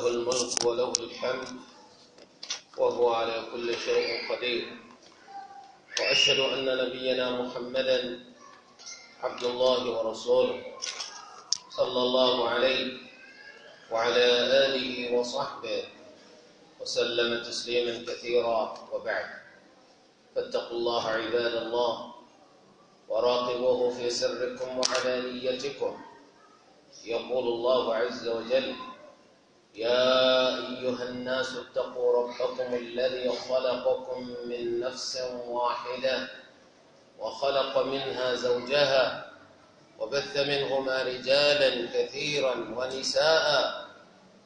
له الملك وله الحمد وهو على كل شيء قدير وأشهد أن نبينا محمدا عبد الله ورسوله صلى الله عليه وعلى آله وصحبه وسلم تسليما كثيرا وبعد فاتقوا الله عباد الله وراقبوه في سركم وعلانيتكم يقول الله عز وجل يا أيها الناس اتقوا ربكم الذي خلقكم من نفس واحدة وخلق منها زوجها وبث منهما رجالا كثيرا ونساء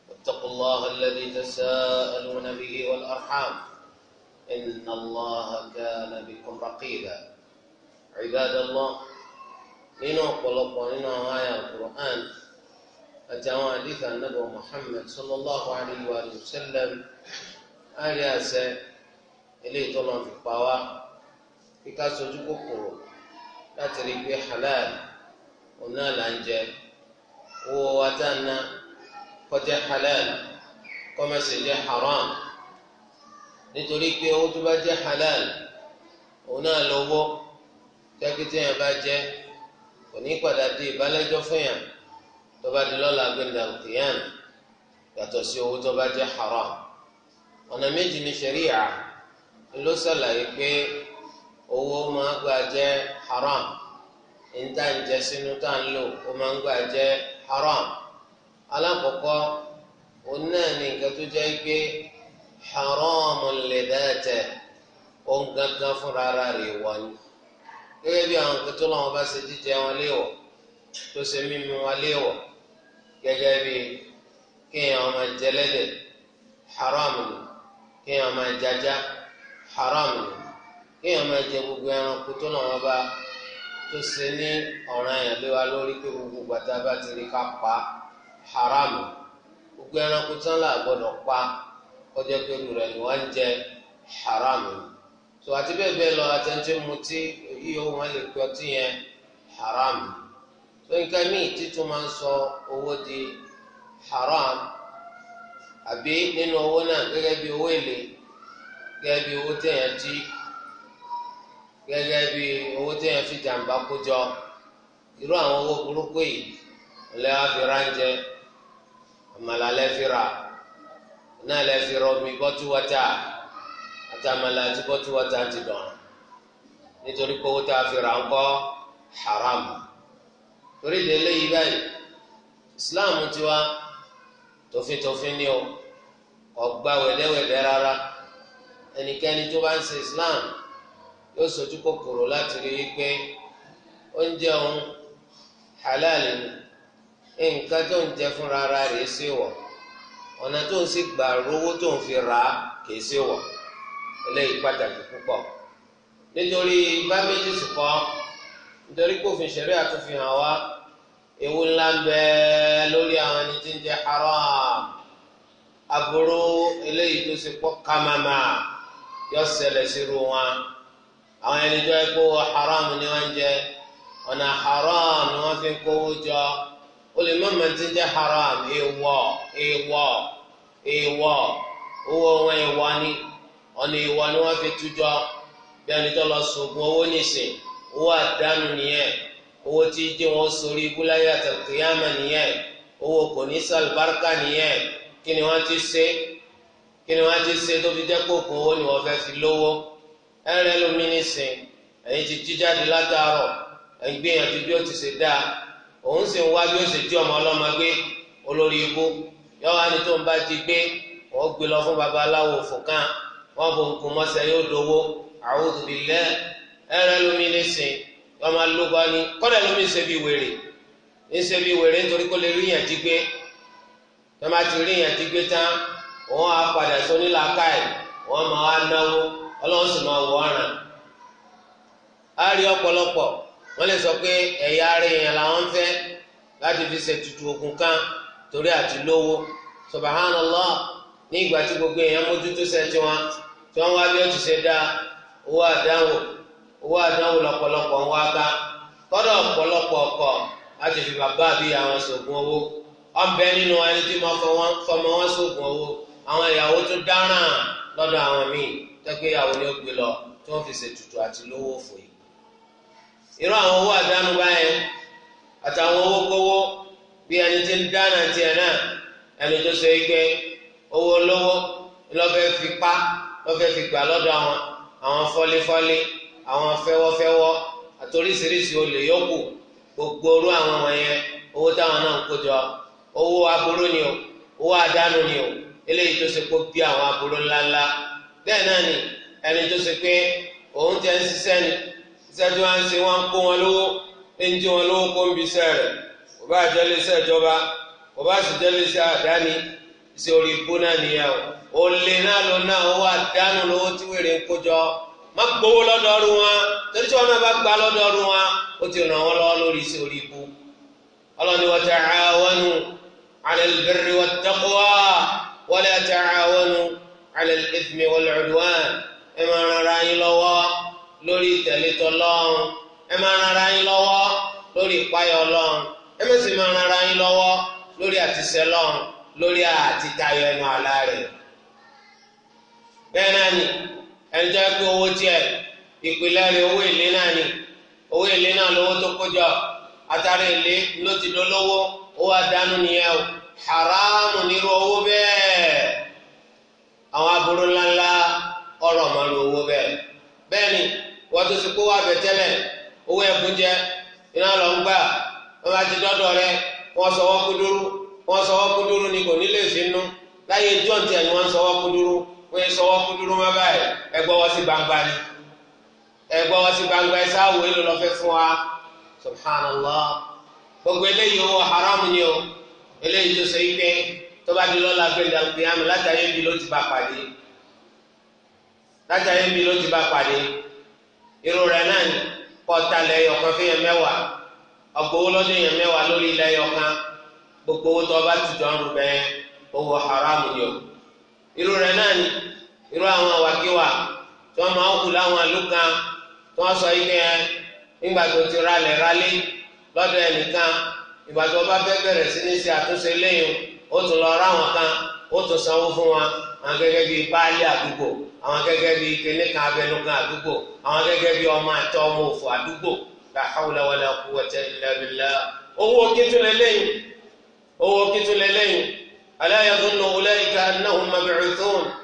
واتقوا الله الذي تساءلون به والأرحام إن الله كان بكم رقيبا عباد الله لنقلق ولنعايا القرآن àti àwọn àdìsá nàbọ Muhammad sallallahu alayhi wa sallam àrí àṣẹ eléyìí tó lọ́n fi pa wá kíká sojú kòkòrò láti rí i pé halal òun náà là ń jẹ owó wa tá a ná kọjá halal kọ́mẹ́sì jẹ́ haram nítorí pé owó tó bá jẹ́ halal òun lọ́wọ́ jákèjẹ́ yẹn bá jẹ́ kò padà di ìbálẹ́jọ́ fún yàn tó bá di lọ́la gbẹ̀dẹ̀ alqiyam yàtọ̀ sí owó tó bá jẹ́ haram ọ̀nà méjì ní ṣẹ̀ríyà ló ṣàlàyé pé owó máa gbà jẹ́ haram níta ń jẹ sínú tá ń lò ó máa ń gbà jẹ́ haram alákọ̀ọ́kọ́ òun náà ní nǹkan tó jẹ́ pé haram lè òun gangan fúnra rẹ̀ wọ̀ ni gẹ́gẹ́ bí àwọn kẹtọ́ làwọn bá ṣe jíjẹ wọn léèwọ̀ tó ṣe mímu wọn léèwọ̀. gẹ́gẹ́ bí kéèyàn ọmọ jẹlẹ́dẹ̀ haram ni kéèyàn ọmọ jaja haram ni kéèyàn ọmọ jẹ gbogbo ẹranko tó náà wọn bá tó ṣe ní ọ̀ràn yẹn lé wa lórí pé gbogbo gbàtà bá ti rí ká pa haram gbogbo ẹranko tán là pa kọjá rẹ̀ ni wọ́n ń jẹ haram ni tó àti bẹ́ẹ̀ bẹ́ẹ̀ lọ haram so nǹkan míì títún máa ń sọ owó di haram àbí nínú owó náà gẹ́gẹ́ bí owó èlé gẹ́gẹ́ bí owó téèyàn jí gẹ́gẹ́ bí owó téèyàn fi jàǹbá kó jọ irú àwọn owó burúkú yìí ọlẹ́ wa fi ránjẹ lẹ́ fi rà náà lẹ́ fi rọ omi bọ́tú wọ́tà àti bọ́tú wọ́tà ti dàn nítorí pé owó tá a haram. torí ìdè eléyìí báyìí islam ti wá tòfintòfin ni o ọgbà wẹ̀lẹ́wẹ̀lẹ́ rárá ẹnikẹ́ni tó bá ń ṣe islam yóò sojú kòkòrò láti rí i pé oúnjẹ òun halal ni nǹkan tó ń jẹ fúnra ara rẹ̀ ṣe wọ̀ ọ̀nà tó ń sì gbà rówó tó ń fi rà á kìí ṣe wọ̀ eléyìí pàtàkì púpọ̀ nítorí bá méjì sùkọ́ nítorí kófin ṣẹ̀rí àtúnfihàn wa. ewu ńlá lori lórí àwọn ẹni tí haram aburú eléyìí tó ṣe pọ̀ kàmàmà yọ ṣẹlẹ̀ sírú wọn àwọn ẹni jọ ẹ kó haram ni wọ́n jẹ ọ̀nà haram ni fi ń kówó jọ ó lè má mà ti ń jẹ haram èèwọ̀ èèwọ̀ èèwọ̀ owó wọn èèwọ̀ ni ọ̀nà èèwọ̀ fi jọ bí ẹni lọ owó owó àdánù nìyẹn. owó tí jẹ́ wọn sórí ikú láyé àtàkùyàmà nìyẹn owó kò ní sàlùbáríkà nìyẹn kí ni wọ́n ti ṣe kí ni wọ́n ti ṣe tó fi jẹ́ kóògùn owó ni wọ́n fẹ́ fi lówó ẹ̀rẹ́ lómi nìsín ẹ̀yin ti jíjáde látàárọ̀ ẹ̀yin gbìyànjú bí ó ti ṣe dáa òun sì ń wá bí ó ṣe jí ọmọ ọlọ́mọ gbé olórí ikú yọ́wá ni tó ń bá ti gbé wọ́n gbé lọ fún babaláwo fòkàn wọ́n bò ń kú mọ́sẹ̀ yóò dowó a'udhu billah ẹ̀rẹ́ lómi nìsín wọn máa ló gbá ní kọ́dà ló mi ń ṣe bí wèrè ń taa bí wèrè nítorí kó lè rí yàn jí gbé ti rí yàn jí gbé tán á padà sọ nílà káì wọn máa wá náwó ọlọ́run sì máa wọ ọ̀ràn á rí ọ̀pọ̀lọpọ̀ wọ́n lè sọ pé ẹ̀yà ara èèyàn làwọn ń fẹ́ láti fi owó àdánwò lọ́pọ̀lọpọ̀ ń wá ká kọ́dọ̀ ọ̀pọ̀lọpọ̀ ọkọ láti fi bàbá àbí àwọn sògùn owó ọ̀nbẹ nínú ẹni tí mo fọmọ wọn sògùn owó àwọn ìyàwó tún dáràn lọ́dọ̀ àwọn míì tẹ́gbẹ́ ìyàwó ni ó gbé lọ tí wọ́n fi ṣètùtù àti lówó fò yìí. irú àwọn owó àdánù báyẹn àtàwọn owó kówó bí ẹni tí ń dáná tiẹ̀ náà ẹni tó ṣe é owó lówó lọ́fẹ́ fi pa lọ́fẹ́ fi gbà lọ́dọ̀ àwọn àwọn fọ́lífọ́lí àwọn fẹ́wọ́fẹ́wọ́ àtòríṣiríṣi olè yókù gbogbo orú àwọn wọ̀nyẹn owó táwọn náà ń kó jọ owó aburú ni o owó àdánù ni o eléyìí tó ṣe kó bí àwọn aburú ńláńlá bẹ́ẹ̀ náà ni ẹni tó ṣe pé òun tẹ́ ń ṣiṣẹ́ ni iṣẹ́ tí wọ́n ń ṣe wọ́n ń kó wọn lówó ń jí wọn lówó kó ń bi iṣẹ́ rẹ̀ kò bá jẹ́ iléeṣẹ́ ìjọba kò bá sì jẹ́ iléeṣẹ́ àdáni iṣẹ́ orí ikú náà nìyẹn o olè náà ló náà owó àdánù lówó tí wèrè ń kó má gbowó lọ́dọọdún wọn torí tí wọn náà bá gba lọ́dọọdún wọn ó ti ràn wọn lọ́wọ́ lórí sí orí ikú ọlọ́ni wa ta'awanu 'ala al-birri wat-taqwa wa la ta'awanu 'ala al-ithmi wal-'udwan ẹ máa ran ara yín lọ́wọ́ lórí ìtẹ̀lé tọlọ́run ẹ máa ran yín lọ́wọ́ lórí ìpáyọ̀ ọlọ́run ẹ má sì máa ran yín lọ́wọ́ lórí àtisẹ́ lọ́run lórí àtitayọ ẹnu àlá rẹ̀ bẹ́ẹ̀ náà ẹni tó yẹ kó owó tiẹ̀ ìpìlẹ̀ rẹ̀ owó èlé náà ni owó èlé náà lówó tó kójọ àtàrí èlé ló ti dolówó owó àdánù nìyẹn o haramu nírú owó bẹ́ẹ̀ àwọn aburú ńláńlá lu owó ni ti kó wá owó jẹ iná lọ ń gbà bá ti rẹ ni kò wọ́n yẹn sọ́wọ́ kú dúró mọ́ báyìí ẹ gbọ́wọ́ sí gbangba ni ẹ gbọ́wọ́ sí gbangba ẹ sáwọ́ èlò lọ́fẹ́ fún wa subhanallah gbogbo eléyìí owó haramu ni o eléyìí tó sọ yìí pé tó bá di lọ́la pé dàgbéyàmù látàyè mi ló ti bá pàdé látàyè mi ló ti bá pàdé irú rẹ̀ náà ni kọ́ta lẹ́yọ̀ kan yẹn mẹ́wàá ọgbowó lọ́dún yẹn mẹ́wàá lórí lẹ́yọ̀ kan gbogbo owó tó bá ti dọ̀rùn bẹ́ẹ̀ irú re náà ni irú àwọn àwàkiwà tí wọ́n máa ń kú láwọn àlùkàn tí wọ́n sọ yìí kẹ́ nígbà tó ti ralẹ̀ ralé lọ́dọ̀ ẹnìkan ìgbà tó bá si bẹ̀rẹ̀ sí ní ṣe àtúnṣe lẹ́yìn ó tún lọ rá wọn kan ó tún sanwó fún wa àwọn gẹ́gẹ́ bíi baálé àdúgbò àwọn gẹ́gẹ́ bíi kẹlẹ́kan abẹnugan àdúgbò àwọn gẹ́gẹ́ bíi ọmọ àti ọmọ òfò àdúgbò la hawla ألا يظن أولئك أنهم مبعوثون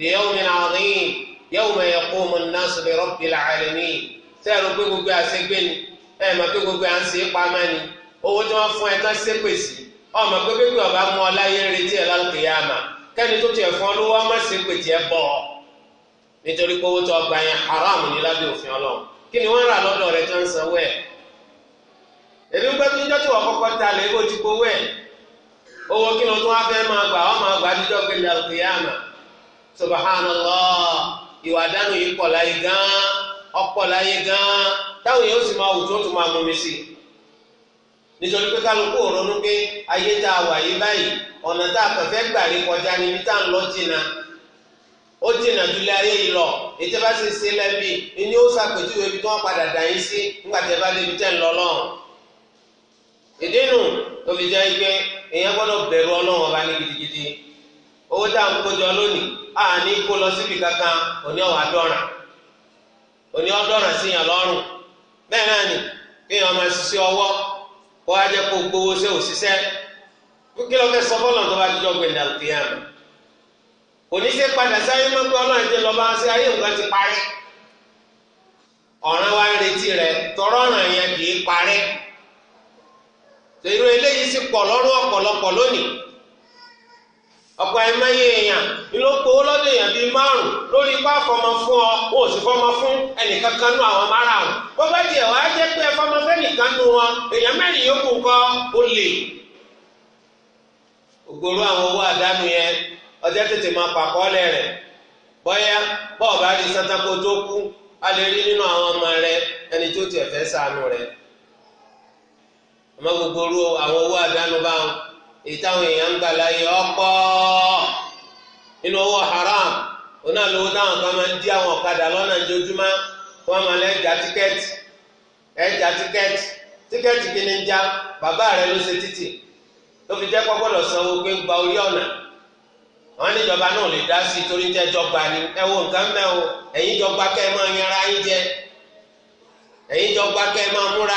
ليوم عظيم يوم يقوم الناس لرب العالمين sẹ́ẹ̀rù pé gbogbo àṣegbé ni ẹ̀ mọ̀ pé gbogbo à ń ṣe é pamọ́ ni owó tí wọ́n fún ẹ tán ṣépè sí ọmọ pé gbogbo ọba mú ọ láyé retí ẹ lálùkè yá mà kẹ́ni tó tiẹ̀ fún ọ lówó ọmọ ṣépè tiẹ̀ bọ̀ ọ́ nítorí pé owó tó ọgbà yẹn haram ní lábẹ́ òfin ọlọ́run kí ni wọ́n rà lọ́dọ̀ rẹ̀ tó ń sanwó ẹ̀ èmi gbẹ́túnjọ́ tí wọ́n kọ́kọ́ ta lè owó kí ló tún wá fẹ́ máa gbà ọ́ máa gbà dídọ́ pé ní alùpùpù ìwà dánù yìí pọ̀ láyé gan-an ọ̀pọ̀ láyé gan-an táwọn sì máa wù tó tún máa sí i nítorí pé kálukú a wà yí báyìí ọ̀nà tá a gbà kọjá níbi tá à ń lọ jìnnà ó jìnnà dúlé ayé yìí lọ ètò bá ni ó ibi tí wọ́n padà dà yín sí nígbà tí ẹ bá débi ń lọ lọ́hùn. ìdí nù tó fi èèyàn gbọ́dọ̀ bẹ̀rù Ọlọ́run ọba ní gidigidi owó tá à ń kó jọ lónìí a ní kó lọ síbi kankan òní ọwà dọràn òní ọdọràn sí yàn lọ́rùn bẹ́ẹ̀ náà ni kéèyàn máa ṣiṣẹ́ ọwọ́ kó wá jẹ kó gbowó ṣe òṣìṣẹ́ kí ló fẹ́ sọ fọlọ tó bá jíjọ gbẹdà òkèèyàn òní ṣe padà sáyé mọ́tò Ọlọ́run ti lọ bá ṣe ayé nǹkan ti parí ọ̀ràn wa retí rẹ tọrọ ọ̀ràn yẹn kì í parí. tẹ̀yìn eléyìí sì pọ̀ lọ́rùn ọ̀pọ̀lọpọ̀ lónìí ọ̀pọ̀ ẹ̀mẹ́yẹ èèyàn ló kówó lọ́dọ̀ èèyàn bíi márùn lórí ipá fọmọ fún ọ o sì fọmọ fún ẹnìkan kan nú àwọn mara bó gbogbo tiẹ̀ wá jẹ́ pé ẹ fọmọ nú wọn èèyàn mẹ́rin kọ́ ó lè. ògbóró àwọn owó àdánù yẹn ọjọ́ tètè máa rẹ̀ bọ́yá bọ́ọ̀ bá rí kó tó kú a lè rí nínú àwọn ọmọ rẹ ẹni ọmọ gbogbo ru àwọn owó àdánù bá wọn èyí táwọn èèyàn ń gbà láyé owó haram oná lówó táwọn kan máa ń dí àwọn ọ̀kadà lọ́nà ìjojúmọ́ kí wọ́n máa lẹ́ ẹja tíkẹ́ẹ̀tì ẹja tíkẹ́ẹ̀tì tíkẹ́ẹ̀tì kí ni ń já bàbá rẹ ló ṣe títì ló fi jẹ́ pé gba orí ọ̀nà náà lè dá sí torí jẹ́ ni ẹ wo nǹkan mẹ́ o kẹ́ ẹ jẹ kẹ́ ẹ máa múra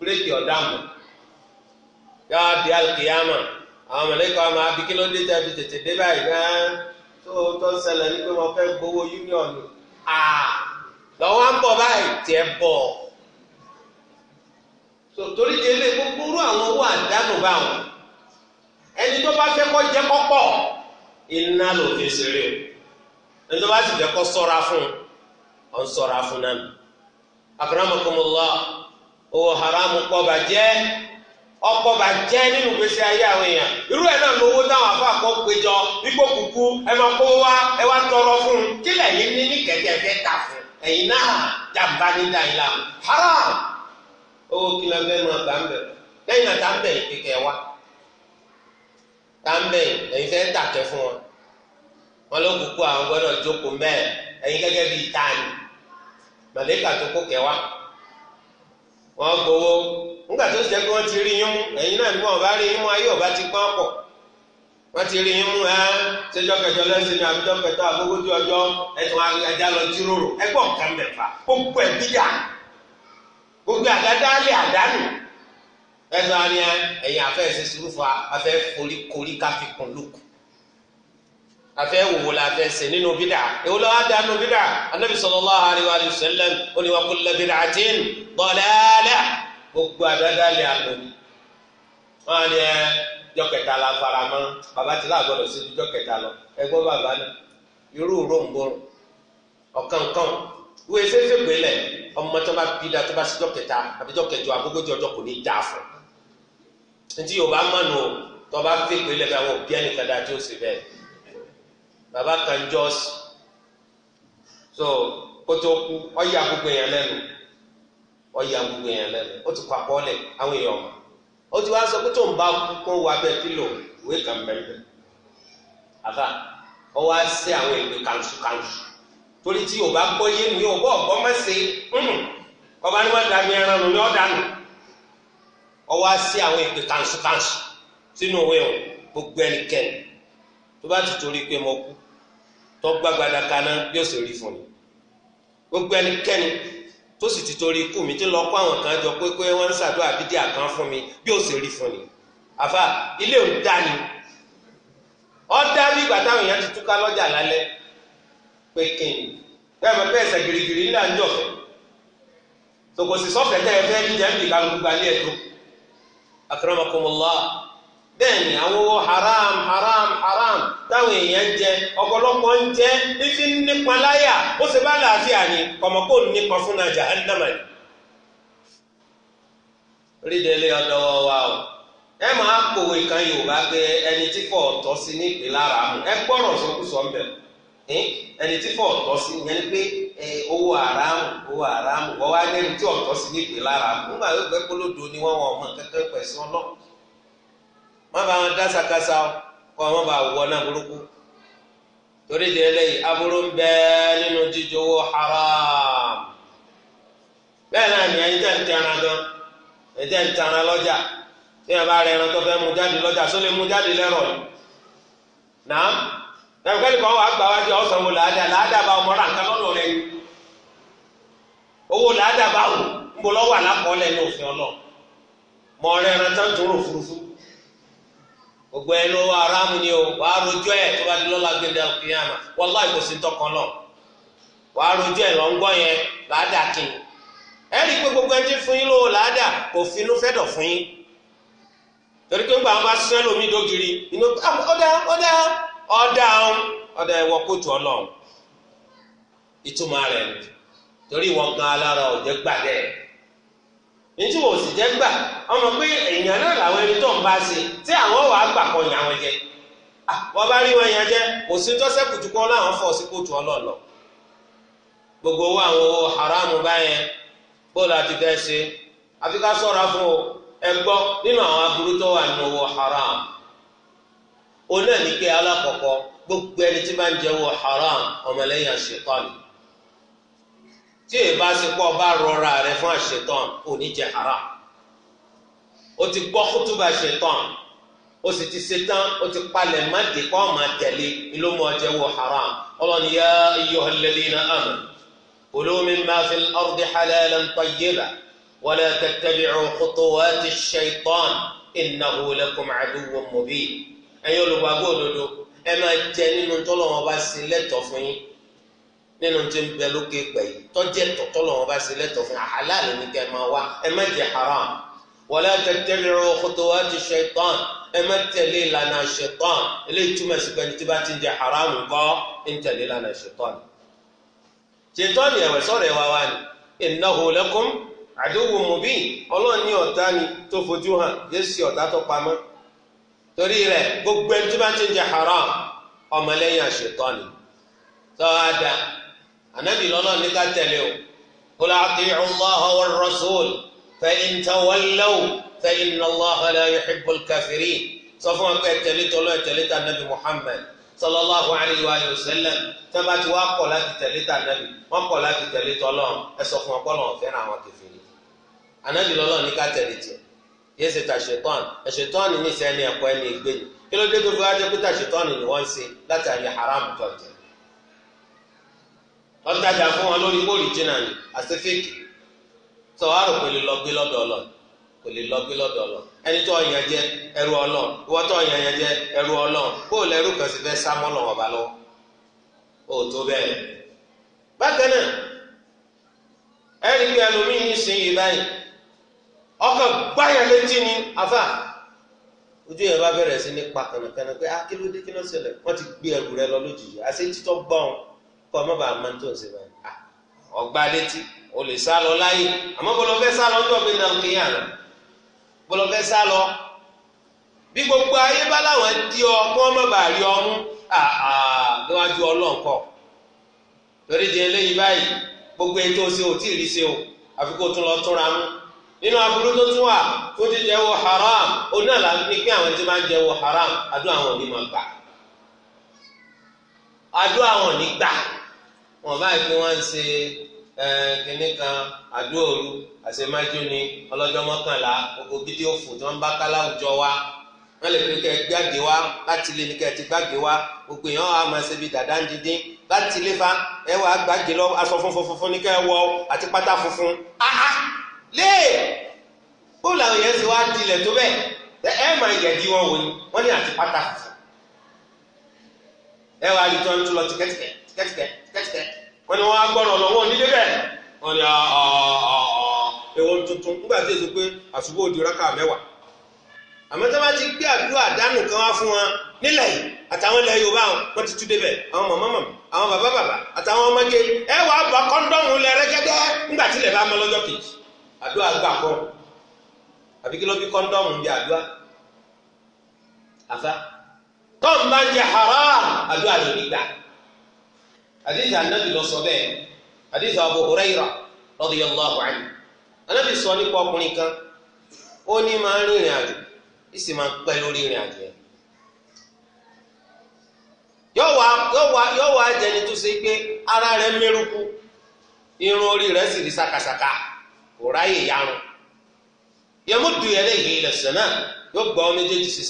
búrẹ́kì ọ̀dàmù yóò di alikiyama àwọn mọ̀lẹ́kọ̀ ọmọ àbí kí ló dé tẹ́ fi tètè dé báyìí náà tó tó ń ṣẹlẹ̀ ní pé wọ́n fẹ́ gbowó yúníọ̀nù à lọ́wọ́ ń bọ̀ báyìí tiẹ̀ bọ̀ torí délé gbogbo àwọn owó àdánù báwọn ẹni tó bá fẹ́ kọ́ jẹ́ kọ́pọ̀ iná ló fi ṣeré ẹni owó haramu kpọba jẹ ọkpọba jẹ nínú gbèsè ayé àwọn èèyàn irú ẹ̀ náà lówó táwọn afọ kan péjọ ipò kúkú ẹ máa kó wá ẹ tọrọ fún un kí ní ní kẹ̀kẹ́ fẹ́ tà fún ní haram owó gbà ń wa tá ń fún wọn wọn ló kúkú àwọn jókòó bíi wọ́n gbowó nígbà tó jẹ́ pé wọ́n ti rí yín mú ẹ̀yin náà nígbà wọ́n bá rí yín mú ayé ọba ti pọ́n pọ̀ wọ́n ti rí yín mú ẹ́ ṣẹjọ́ kẹjọ lẹ́sìn ní àbíjọ́ kẹta àgbógójú ọjọ́ ẹ̀tún ẹja lọ jíròrò ẹgbọ́n kan mẹ́fà gbogbo ẹ̀ bíyà gbogbo àdádálẹ̀ àdánù ẹ̀tún àníyàn ẹ̀yin àfẹ́ ìṣesúrúfà afẹ́ forí korí káfíkùn lókun afẹ́ wòwò la fẹ́ ṣe nínú bídà èwo ló wá dánú bídà anabi sallallahu alayhi wa sallam ó ní wa kullu bid'atin dalalah gbogbo àdáda lè àná ni wọn ni ẹ jọ kẹta la fara baba ti láàgbọ́dọ̀ sí jọ kẹta lọ ẹgbọ́ baba náà irú ròǹgòrò ọ̀kànkàn wo efefe gbélé ọmọ tó tó bá sí jọ kẹta àbí jọ kẹjọ kò ní í fún ntí yorùbá mọ̀nù tó bá fi gbélé bá bàbá kan jọ́ọ̀sì so kótó kú ọ̀yà gbogbo èèyàn lẹ́nu ọ̀yà gbogbo èèyàn lẹ́nu ó ti kọ àkọọ́lẹ̀ àwọn èèyàn ọ̀mọ̀ ó ti wá sọ pé tó ń bá kú kó wọ abẹ́ pílò ìwé kan bẹ́ẹ̀ àbá ọ wá sí àwọn ìwé kanṣukanṣu torí tí yorùbá gbọ́ yé mi ò bọ́ ọ̀gbọ́n má ṣe ọba ni wọ́n da mi ẹran lò ní ọ̀dànù ọ wá sí àwọn ìwé kanṣukanṣu sínú òwe o gbogbo ẹnikẹ́ni tó bá ti torí pé mo kú tọ́gbà gbadaka náà bí ó sì rí fún mi gbogbo ẹnikẹ́ni tó sì ti torí ikú mi ti lọ kó àwọn kan jọ pé pé wọ́n ń ṣàdúrà bídí àkàn fún mi bí ó sì rí fún mi àfa ilé ò ń dá ni ọ́ dá bí ìgbà táwọn èèyàn ti túká lọ́jà lálẹ́ pé kí ni bẹ́ẹ̀ mọ̀ pé ẹsẹ̀ gírígírí ńlá ń jọ̀fẹ́ tòkòsì sọ́fẹ̀ẹ́ tẹ́ ẹ fẹ́ jíjẹ́ ń bì kálukú gbalẹ́ ẹ̀ tó akramakumullah bẹ́ẹ̀ ni haram haram haram táwọn èèyàn ń jẹ ọ̀pọ̀lọpọ̀ ń jẹ fífi ó sì bá nípa fún wa o ẹ máa kòwé kan yorùbá pé ẹni tí fọ́ ọ̀tọ̀ sí mu ẹ sọkúsọ ẹni tí fọ ọtọ sí yẹn pé owó àràmù owó wọ́n wá tí sí lára má bàa wọn dásakásá kọ́ ọ má bàa wọ náà burúkú torí de eléyìí aburú ń bẹ nínú haram bẹ́ẹ̀ náà ní ẹni tẹ́ ń tẹran gan ẹni tẹ́ ń tẹran lọ́jà tí wọn bá rẹ ẹran tó fẹ́ mú jáde lọ́jà só lè mú jáde lẹ́rọ̀ ni náà kan wà gbà ọ̀sán bá ọmọ rà nǹkan rẹ owó bá ń lọ́wọ́ gbogbo ẹnu wa aráàmù ni o wàá rojọ́ ẹ tó bá di lọ́la gbẹdẹ kìyàmà wàláhì kò sí tọkàn lọ wàá ẹ lọ ń yẹn làádà kí ẹ rí i pé gbogbo fún yín làádà kò fún yín torí pé bá lómi inú ah, kóòtù ìtumọ̀ torí wọn gan alára èyí tí wò sì jẹ́ gbà ọmọ pé èèyàn náà làwọn ẹni tó ń bá ṣe tí àwọn wàá gbà kọ yàn wọn jẹ wọ́n bá rí wọn yàn jẹ kò sí tọ́sẹ̀ kùtùkọ́ láwọn fọ̀ sí kóòtù ọlọ́ọ̀lọ́ gbogbo owó àwọn owó haramu báyẹn bóòlù àti bẹ́ẹ̀ ṣe àfi ká sọ̀ra fún o ẹ gbọ́ nínú àwọn aburú tó wà nínú owó haram òun náà ní pé alákọ̀ọ́kọ́ gbogbo ẹni tí bá ń jẹ owó haram ọmọlẹ́yìn àṣetọ́ni tí èèbá ṣe pọ̀ bá rọra rẹ fún àṣetán òní jẹ haram o ti gbọ́ kútùbà ṣetán o sì ti ṣetán o ti palẹ̀ má dé kọ́ máa tẹ̀lé ìlú mọ́ jẹ́ haram ọlọ́ni yá ayyuhal ladhina amanu kulu mimma fil ardi halalan tayyiba wala tattabi'u khutuwati ṣetán innahu lakum aduwwun mubin ẹ̀yin olùgbàgbọ́ òdodo ẹ máa jẹ nínú tọ́lọ́wọ́n bá ṣe lẹ́tọ̀ọ́ fún yín nínú tí ń bẹ lókè pẹ̀ yìí tọ́jẹ́ tọ̀tọ́ lọ́wọ́ bá ṣe lẹ́tọ̀ fún halal ní kẹ́ máa wá ẹ má jẹ haram wala tattabi'u khutuwati shaytan ẹ má tẹ̀lé ìlànà shaytan eléyìí túmọ̀ sí pé tí bá ti ń jẹ haram kọ́ ń tẹ̀lé ìlànà shaytan. shaytan ẹ̀wẹ̀ sọ̀rọ̀ ẹ̀ wá wá ni innahu lakum aduwwun mubin ọlọ́run ní ọ̀tá ni tó fojú hàn yéésì ọ̀tá tó pamọ́ torí rẹ̀ gbogbo ẹni tí bá ti ń jẹ haram ọmọlẹ́yìn shaytan ni tọ́ anabi lọ́lọ́ ní ká tẹ̀lé o qul ati'u allaha war rasul fa in tawallaw fa inna allaha la yuhibbul kafirin sọ fún wa pé tẹ̀lé tọ́lọ́ tẹ̀lé ta nabi muhammad sallallahu alayhi wa sallam tẹ́ bá ti wá kọ̀ láti tẹ̀lé ta nabi wọ́n kọ̀ láti tẹ̀lé tọ́lọ́ ẹ sọ fún wa kọ́ lọ́wọ́ fẹ́ràn àwọn kẹfìrí anabi lọ́lọ́ ní ká tẹ̀lé tiẹ̀ yéé ṣe tàṣetán ẹ̀ṣetán ní sẹ́ni ẹ̀kọ́ ẹni ìgbéni kí ló dé tó fi wá jẹ́ pé tàṣetán ni wọ́n ń ṣe látàrí haram tó jẹ́ ọ̀tajà fún wọn lórí bóòlù jìnnà ni àti fíìkì tó wàá rò pé lè lọ gbé lọ́dọ̀ ọlọ kò lè lọ gbé lọ́dọ̀ ọlọ ẹni tó ọyàn jẹ ẹrú ọlọ ìwọ tó ọyàn yẹn jẹ ẹrú ọlọ bóòlù ẹrú kan sì fẹ́ sámọ́ lọ́wọ́ bá lọ́wọ́ ó tó bẹ́ẹ̀ bákan náà ẹni pé ẹlòmíín ní sìn yìí báyìí ọkàn gbáyà létí ni àfà ojú yẹn bá bẹ̀rẹ̀ sí ní pa kànákànná pé akílódé ah, kí ló ṣẹlẹ̀ wọ́n ti gbé ẹrù rẹ lọ lójijì àti títọ́ gbọ́n kọ́ mọba bàá máa ń tó létí o lè sá lọ láyé àmọ́ bọ́lọ́ fẹ́ sá lọ ń dọ̀bí náà kí yàn án sá lọ bí gbogbo ayé bá láwọn di ọ kọ́ ọmọ rí ọ mú níwájú ọlọ́ǹkọ torí di eléyìí báyìí gbogbo ètò ṣe ò tí ì o àfi kó tún lọ túnra mú nínú aburú tó tún wà haram ní pé àwọn máa haram àwọn ò ní máa gbà àwọn ò ní gbà. wọn báyìí pé wọ́n ń ṣe kìnnì kan àdúòru àṣemájú ni ọlọ́jọ́ mọ́kànlá gbogbo fídíò fò tí wọ́n bá ká láwùjọ wa wọ́n lè fi kẹ́ gbàgbé wa láti ilé ni kẹ́ ti gbàgbé wa gbogbo èèyàn á máa ṣe bí dàda ń dídín láti ilé fa ẹ wàá gbàgbé lọ aṣọ funfun funfun ni kẹ́ wọ àti pátá funfun áhá lé bó làwọn èèyàn ṣe wá dilẹ̀ tó bẹ́ẹ̀ ẹ máa yẹ̀dí wọn wò ni wọ́n ní àti pátá funfun ẹ wàá rí tí wọ́n ń tún lọ tìkẹ́tìkẹ́ tìkẹ́tìkẹ́ tẹ́tẹ́ wọ́n ní wọ́n á gbọ́ràn nílé tuntun nígbà tí pé òdi rákà mẹ́wàá àmọ́ tí wọ́n ti kan wá fún wọn nílẹ̀ yìí àtàwọn ilẹ̀ Yorùbá wọn ti débẹ̀ àdéhùn anábì lọ sọ bẹ́ẹ̀ àdéhùn Abu Huraira radiyallahu anhu sọ nípa ọkùnrin kan ó ní máa ń rìnrìn àjò ìsì máa ń pẹ́ lórí ìrìn àjò yẹn yọ̀wá yọ̀wá ara rẹ̀ mẹ́rùkú irun orí rẹ̀ sì rí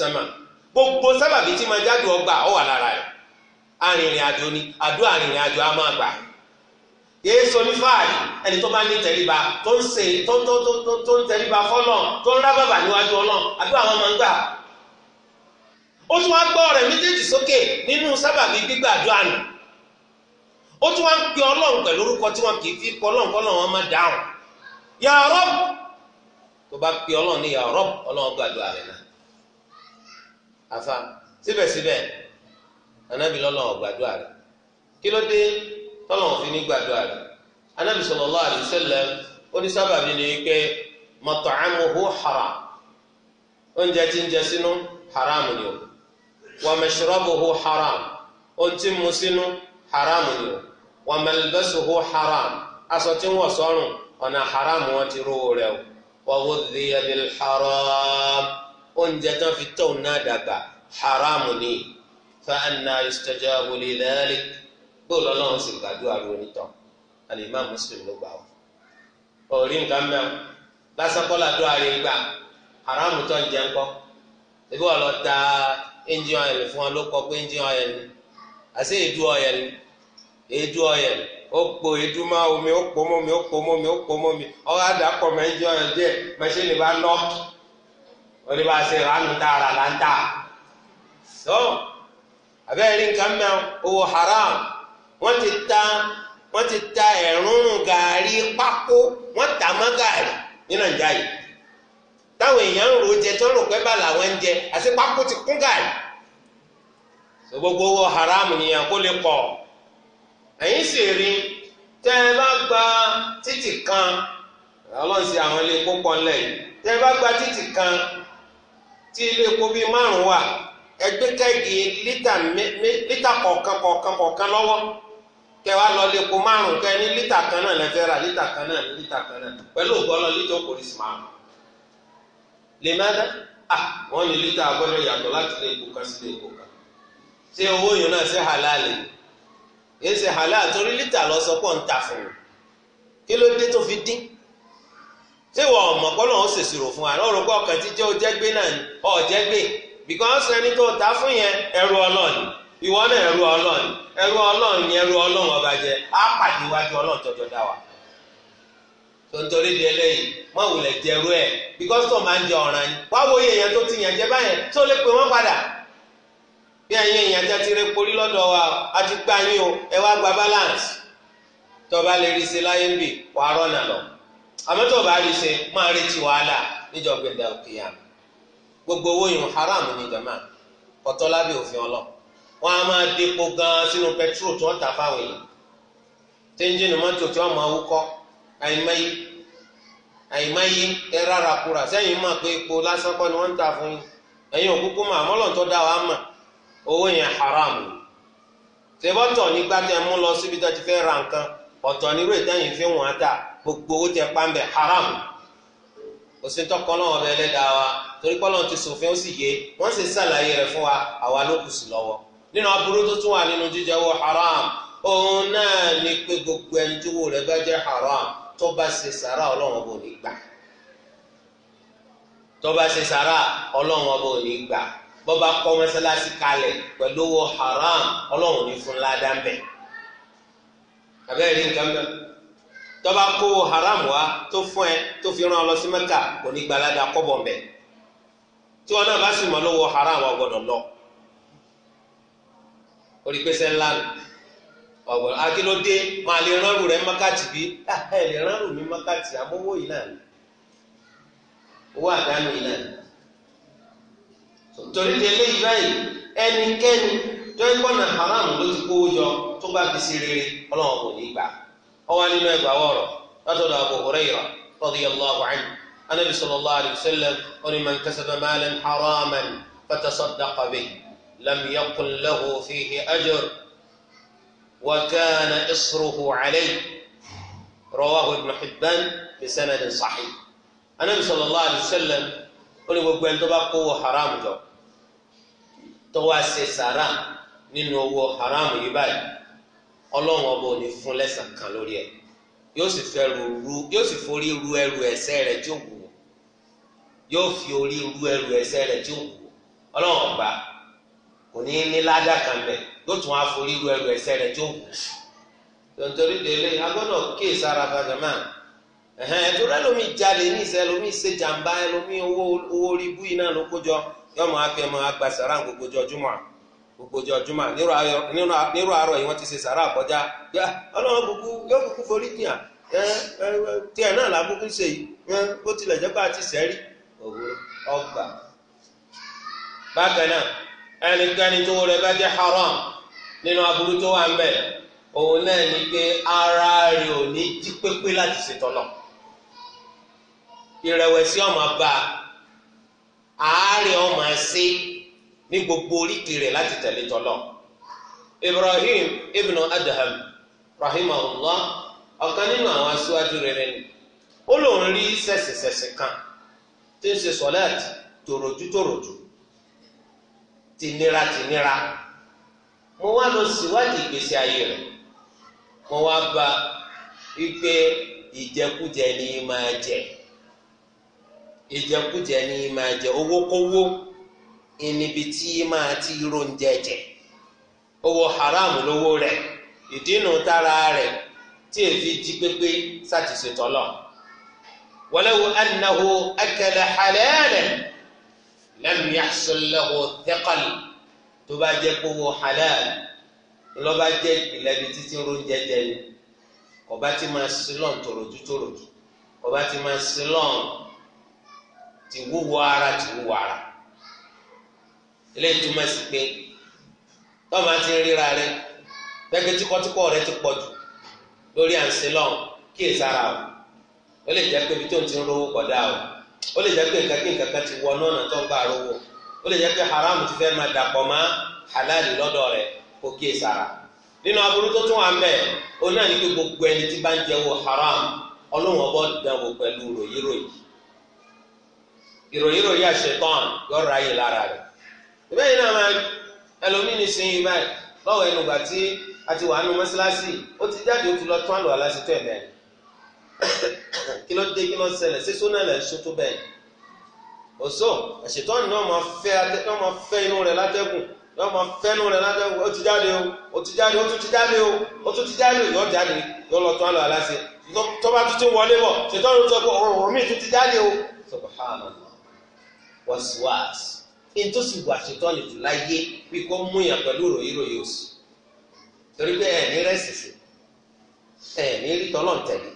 ya gbogbo sábàbí tí jáde ọgbà wà lára arìnrìn ni àdó arìnrìn á máa gbà yéé sọnífàì ẹni tó bá ní tẹríba tó ń tó tó tó tó tó ń tẹríba fọlọ tó ń rábàbà níwájú Ọlọ́run àdó àwọn máa ń gbà ó tún wá gbọ́ rẹ̀ méjèèjì sókè nínú sábàbí ó tún wá ń pe ọlọ́run tí wọn kì í fi anabi lọ́lọ́wọ́ gbàdúrà rẹ̀ kí ló dé tọ́lọ́wọ́ fi ní gbàdúrà rẹ̀ anabi sallallahu alaihi wasallam onísábàbí ni pé mat'amuhu haram oúnjẹ tí ń jẹ sínú haram ni o wa mashrabuhu haram ohun tí ń mu sínú haram ni o wa malbasuhu haram aṣọ tí ń wọ̀ sọ́rùn ọ̀nà haram wọn ti rówó rẹ̀ o wa haram oúnjẹ tán fi tóun náà dàgbà haram ni o. فأنى يستجاب لذلك قول الله سيقادوا الونيتو الإمام مسلم لو باو أولين كامل لا سقول أدوا ريبا حرام تون جنكو ebi wà lọ ta engine oil fún ọ ló kọ pé àti ó po máa omi ó ó ó ọ̀rọ̀ àdàkọ̀ díẹ̀ bá ní bá ṣe ránú tá a rà Abe rí nǹkan mẹ́rin owó haram wọ́n ti ta wọ́n ti ta ẹ̀rúnrún gàárì pákó wọ́n ta mọ́ gàárì ní nàìjíríà yìí táwọn èèyàn ń jẹ tó ń rò làwọn ń àti pákó ti kún gàárì so gbogbo owó haram nìyẹn kó lè pọ̀ ẹ̀yìn sì rí tẹ́ ẹ bá gba títì kan ọlọ́run sí àwọn ilé epo pọ̀ ńlẹ̀ yìí tẹ́ ẹ bá gba títì kan tí ilé epo bíi márùn ẹgbẹ́ kẹ́gì lítà lítà kọ̀ọ̀kan kọ̀ọ̀kan kọ̀ọ̀kan lọ́wọ́ wá lọ kan náà lẹ́fẹ́ rà lítà kan náà kan náà pẹ̀lú ògbọ́n lítà òkòrìsì márùn lè má dá à wọ́n ní lítà agbọ́dọ̀ yàtọ̀ láti lè kan sí lè po kan ṣé owó yẹn náà ṣe halali yẹn ṣe halali torí lítà lọ sọ pọ̀ ń tà fún un kí ló dé tó fi dín ṣé ìwọ ọmọ kọ́ ó ṣèṣirò fún because ẹni tó ta fún yẹn ẹrú ọlọ́ọ̀ni ìwọ náà ẹrú ẹrú ẹrú ọba jẹ pàdé iwájú ọlọ́ọ̀ni tọ́jọ́ dá wa tontori di eléyìí wọn wulẹ̀ jẹrú ẹ̀ because tó máa ń jẹ ọ̀ràn yìí wá wo tó ti jẹ báyẹn tó lè wọ́n padà bí èèyàn ti gbogbo owó yìí haram ni jama kọtọ lábẹ́ òfin ọlọ wọn a máa depo gan sínú pẹtrol tí wọn tà fáwọn èèyàn tẹnjìnì mọ́tò tí wọn máa wúkọ àìmọye àìmọye ẹ rárá kura sẹ́yìn mọ̀ pé epo lásán kọ́ ni wọn ń tà fún yín ẹ̀yin òkúkú mọ àmọlọtọ dá wa mọ̀ owó yẹn haram tẹbọtọ nígbà tẹ mú lọ síbi tó ti fẹ́ ra nǹkan ọtọ nírú ìtẹyìn fi wọn ta gbogbo owó tẹ pa ń bẹ haram. òsèntọ́ kọ́lọ́wọ́ ọbẹ̀ ẹlẹ́dàá wa torí kọ́lọ́wọ́ ti ṣòfin ó sì yé wọ́n sì ṣàlàyé rẹ̀ fún wa àwa ló kù sí lọ́wọ́ nínú aburú tó tún wà nínú jíjẹ owó haram òun náà ni pé gbogbo ẹni tí owó rẹ̀ bá jẹ́ haram tó bá ṣe sàrà ọlọ́wọ́n bò ní gbà tó bá ṣe sàrà ọlọ́wọ́n bò ní gbà bó bá kọ́ mọ́sálásí kalẹ̀ pẹ̀lú owó haram ọlọ́wọ́n ní fún ládàá bẹ́ẹ̀ abẹ́rẹ́ nǹkan bẹ́ẹ̀ tọ́ba kó haram wa tó fún ẹ tó fi rán ọ lọ sí mẹ́kà kò ní gbalada kọ́bọ̀ mbẹ́ tí wọn náà bá sì mọ̀ lọ́wọ́ haram wa gbọ́dọ̀ lọ orípẹ́sẹ̀ ńlá nù ọ̀gbọ̀n akílódé ah, máa lè rán rù rẹ mọ́kàtì bí ah, ẹ lè rán rù mí mọ́kàtì àmówó yìí náà owó àdánù yìí náà torí ti eléyìí báyìí ẹnikẹ́ni tó ń gbọ́nà haram ló ti kówó jọ tó bá fi ṣe rere ọlọ́run kò ní gbà وأنا ما بعور أتلا أبو هريرة رضي الله عنه النبي صلى الله عليه وسلم قال من كسب مالا حراما فتصدق به لم يقل له فيه أجر وكان إصره عليه رواه ابن حبان بسند صحيح النبي صلى الله عليه وسلم قال وقوين تبقى حرام جو تواسي سارا ننوه حرام يبالي ọlọ́run ọba ò ní fún lẹ́sàn kan lórí ẹ̀ yóò sì ru forí ru ẹrù ẹ̀ṣẹ̀ rẹ̀ tí fi orí ru ẹrù rẹ̀ tí wù ú ọlọ́run ọba kò ní ní ládà tún á forí ru ẹrù ẹ̀ṣẹ̀ rẹ̀ tí wù ú délé agbọ́dọ̀ ẹ̀dúrà lómi jalè ní ìṣẹ́ lómi ẹ̀ lómi owó orí bú iná ló yọmọ gbogbo ọjọ́ jùmọ̀ nírú arọ yìí ti ṣe sàrà àkọjá ọlọ́run kúkú yóò kúkú forí jìyàn tí náà ṣe bó tilẹ̀ jẹ́ pé a ti sẹ́rí haram nínú aburú tó wà ń bẹ̀ òun náà pé ara rẹ̀ ò ní jí pépé láti ìrẹ̀wẹ̀sì ọmọ ní gbogbo oríkì rẹ̀ láti tẹ̀lé tọ́lọ̀ Ibrahim ibn Adham rahimahullah ọ̀kan nínú àwọn aṣáájú rere ni ó lóun rí sẹ̀sẹ̀sẹ̀sẹ̀ kan tí ń ṣe sọ́láàtì tòròjú tòròjú tìnira tìnira mo wá lọ síwádìí ìgbésí ayé rẹ̀ mo wá bá wípé ìjẹkújẹ ni máa jẹ ìjẹkújẹ ni máa jẹ owó kówó ìníbi tí máa ti róúnjẹ jẹ owó haram lówó rẹ̀ ìdínú tára rẹ̀ tí èfi jí pépé sáti ṣètò lọ. walaw annahu akala halalan lam yahsul lahu thiqal tó bá jẹ́ kówó halal lọ́ba jẹ́ ìlẹ́bi títí róúnjẹ jẹ ni ọba ti máa sílọ̀n tòròjú tòròjú ọba ti máa sílọ̀n tìwúwo ara tìwúwo ara. eléyìí túmọ̀ sí pé tọ́ọ̀mù àti ríra rẹ gbẹ́gbẹ́ tíkọ́tíkọ́ rẹ ti pọ̀ jù lórí àǹsílọ́ọ̀n kí èsì o ó lè jẹ́ pé ibi tó ń ti ń rówó o ó lè jẹ́ pé nǹkan kí nǹkan kan ti wọ náà tó ń gbà rówó ó lè haram ti fẹ́ máa dàpọ̀ mọ́ halali lọ́dọ̀ rẹ kó kí èsì ara nínú aburú tó tún wà ń gbogbo ẹni tí haram ọlọ́wọ́n bọ́ pẹ̀lú àṣetán ráyè lára ìbẹ́ yìí náà máa ẹlòmíì ní sin yìí báyìí lọ́wọ́ ẹnu gbà tí a ti wà á nu mọ́ṣáláṣí ó ti jáde ó ti lọ tún àlọ́ aláṣẹ ẹ̀ bẹ́ẹ̀ kí ló dé kí ló ṣẹlẹ̀ sísú náà lẹ̀ ń tó bẹ́ẹ̀ òṣò àṣetọ́ ni wọ́n máa fẹ́ inú rẹ̀ látẹ́kùn yọ ma fẹnu rẹ ládàá o ti jáde o o ti jáde o tún ti jáde o o tún ti jáde o jáde yọ lọ tún alọ aláṣẹ tọba tún wọlé bọ ṣètò ọrùn tó kọ ọrùn mi tún ti jáde o subhanallah wàsíwàsí ètò sì wà ṣetán nìjú láyé wípé ó mú yàn pẹ̀lú ròyìn ròyìn òsì torí pé ẹ̀ ní rẹ́sì sí ẹ̀ ní rí tọ́lọ̀ tẹ̀lé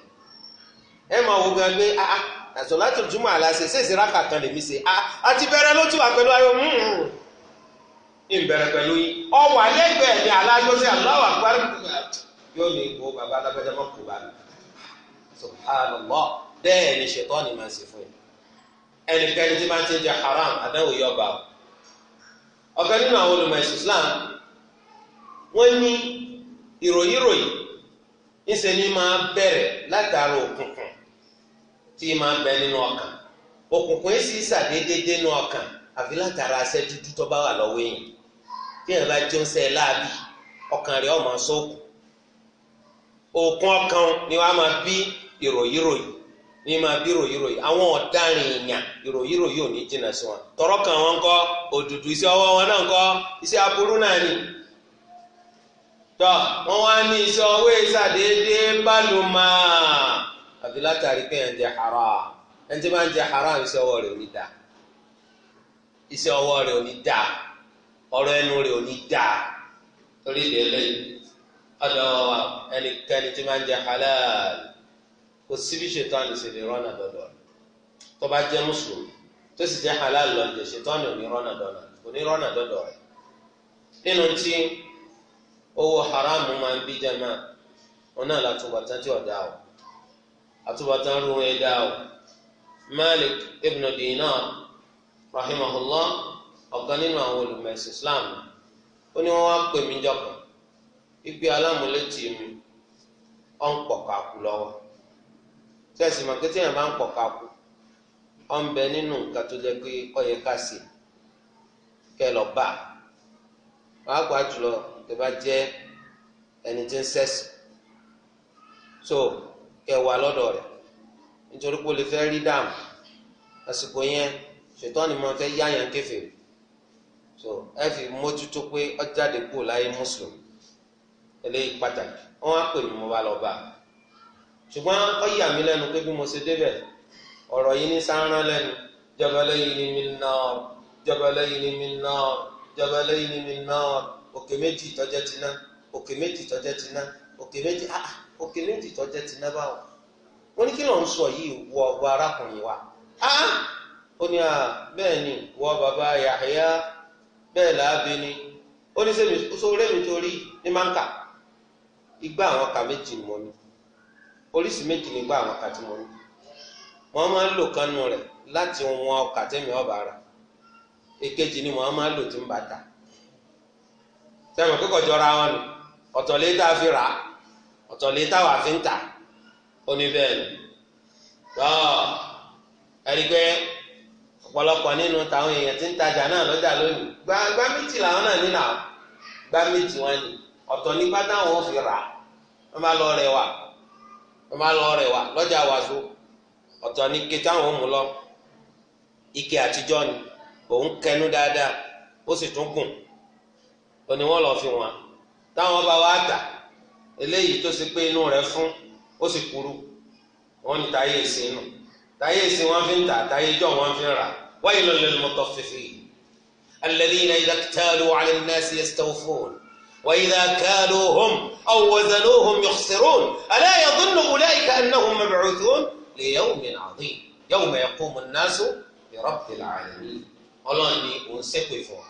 ẹ máa wo gan gbé a ah, ah, àtọ̀ láti túmọ̀ àlàsè ṣèṣe rákà kan lèmi ṣe ah, a àti bẹ̀rẹ̀ ló ti wà pẹ̀lú ayọ̀ mú hmm, hmm. ní ìbẹ̀rẹ̀ pẹ̀lú yín ọwọ́ alẹ́gbẹ̀ẹ́ ni alájọ sí aláwọ̀ àgbárí yóò ní ìbò bàbá alágbẹ́jọ́ mọ́kù bá mi subhanallah bẹ́ẹ̀ ni ṣetán ni màá ṣe fún yín. ẹnikẹ́ni tí ma ń ṣe jẹ haram àdáwò ọba o ọ̀kan nínú àwọn Islam wọ́n ní ìròyìn ròyìn ni máa bẹ̀rẹ̀ látara òkùnkùn tí máa bẹ nínú ọkàn òkùnkùn yìí sì ṣàdédé dénú ọkàn àfi látara aṣẹ dúdú tó bá wà èèyàn èèyàn bá ọkàn ọmọ òkun ọkàn ni máa ní ma bí ròyìnròyìn àwọn ọ̀daràn èèyàn ìròyìnròyìn ò ní jìnnà sí wọn tọrọ kan wọn kọ òdùdù iṣẹ́ ọwọ́ wọn náà kọ iṣẹ́ aburú náà ni. tọ wọn wá ní iṣẹ́ ọwọ́ ìṣàdédé bálùmá àfi látàrí pé ẹ̀ ń jẹ haram ẹ̀ ń tí máa ń jẹ haram iṣẹ́ ọwọ́ rẹ̀ ò ní dáa iṣẹ́ ọwọ́ rẹ̀ ò ní dáa ọ̀rọ̀ ẹnu rẹ̀ ò ní dáa torí ìdè lẹ́yìn ẹnikẹ́ni tí máa ń jẹ halal. kò síbi ṣètò lè rọ́nà dọ̀dọ̀ rẹ̀ tó bá jẹ́ mùsùlùmí tó sì jẹ́ halal lọ́njẹ ṣètò àná onírọ́nà dọ̀dọ̀ onírọ́nà dọ̀dọ̀ rẹ̀ nínú tí owó haramu máa ń bí jẹ́mà wọn náà látúbọ̀tán tí ọ̀dà o Malik ibn rahimahullah nínú àwọn Islam ó ní wọ́n wá pè mí ìgbé mi ọ̀ ń pọ̀ sẹ́ẹ̀sì mọ̀ pé téèyàn bá ń pọ̀ ká kú ọ̀ ń bẹ nínú nǹkan tó jẹ́ pé ó ká ṣe kẹ́ lọ bá wàá gbà jùlọ tó bá jẹ́ ẹni tí ń sẹ́sì so kẹ́ wà lọ́dọ̀ rẹ̀ nítorí pé o lè fẹ́ rí dààmú àsìkò yẹn ṣètọ́ ni mo fẹ́ yáyàn kèfèrí so ẹ fi mójútó pé ọjáde kúrò láyé mùsùlùmí eléyìí pàtàkì wọn á pè mí mo bá lọ bá a. ṣùgbọ́n ó yà mí lẹ́nu pé bí mo ṣe débẹ̀ ọ̀rọ̀ yìí ní sáárán lẹ́nu jabalayni min nar jabalayni min nar jabalayni min nar òkè méjì tọ́jẹ́ ti òkè méjì tọ́jẹ́ ti òkè méjì ah òkè méjì tọ́jẹ́ báwo wọ́n ní kí sọ yìí wọ arákùnrin wa ah ó ní à bẹ́ẹ̀ ni wọ bàbá Yahya bẹ́ẹ̀ làábi ni ó ní sẹ́mi mi torí ní máa igbá àwọn kà polisi méjì nígbà àwọn kàtí mo ní wọ́n máa ń lò kánú rẹ láti wọn ọkà ọba rà èkejì ni wọn máa ń lò tí ń bàtà sẹ́mi jọra wọn fi rà á tá a fi ń tà ó ni pé nínú táwọn èèyàn ti ń tajà náà lónìí méjì làwọn náà méjì wọn ni wọ́n máa lọ rẹ̀ wá lọ́jà wàzó ọ̀tọ̀ ní ike táwọn ò mú lọ ike àtijọ́ ni òun kẹnu dáadáa ó sì tún gùn òní wọ́n lọ fi wọn táwọn bá wá tà eléyìí tó ṣe pé inú rẹ̀ fún ó sì kúrú wọ́n ní táyé ìsìn táyé ìsìn wọ́n fi ń tà táyé ìjọ wọ́n fi ń rà waylun lil mutaffifin alladhina idha iktalu ala an-nasi yastawfun wa idha kaluhum. أو وزنوهم يخسرون ألا يظن أولئك أنهم مبعوثون ليوم عظيم يوم يقوم الناس برب العالمين Ọlọ́run ni òun ṣépè fún wa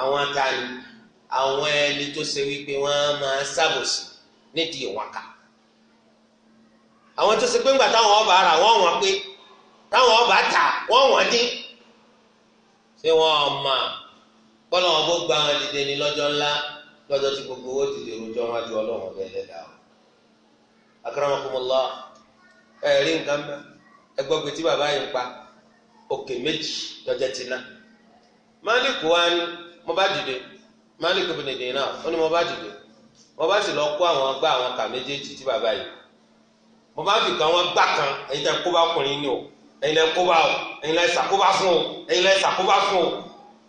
àwọn atani àwọn ẹni tó ṣe wípé wọ́n máa ṣàbòsí nídìí ìwàkà àwọn tó ṣe pé ńgbà táwọn ọba ara wọn wọn pé táwọn ọba tà wọn wọn dín ṣé wọn ọmọ bọlọ wọn bó gba àwọn dìde ní lọ́jọ́ ńlá lọ́jọ́ tí gbogbo owó ti dèrò jọ wọn ju ọlọ́run ọbẹ̀ lẹ́dà o. akramakumullah ẹ rí nǹkan mẹ́ ẹ gbọ́ pé tí bàbá yìí ń pa òkè méjì lọ́jọ́ ti ná. máàlìkù wa ni mo bá dìde máàlìkù bìnrin náà ó ní mo bá dìde mo bá sì lọ kó àwọn gbá àwọn kà méjèèjì tí bàbá yìí mo bá fi kàn wọn gbà kan ẹ̀yin tẹ́ kó ọkùnrin ni o ẹ̀yin lẹ́ kó o ẹ̀yin lẹ́ sàkóbá fún o ẹ̀yin lẹ́ sàkóbá fún o.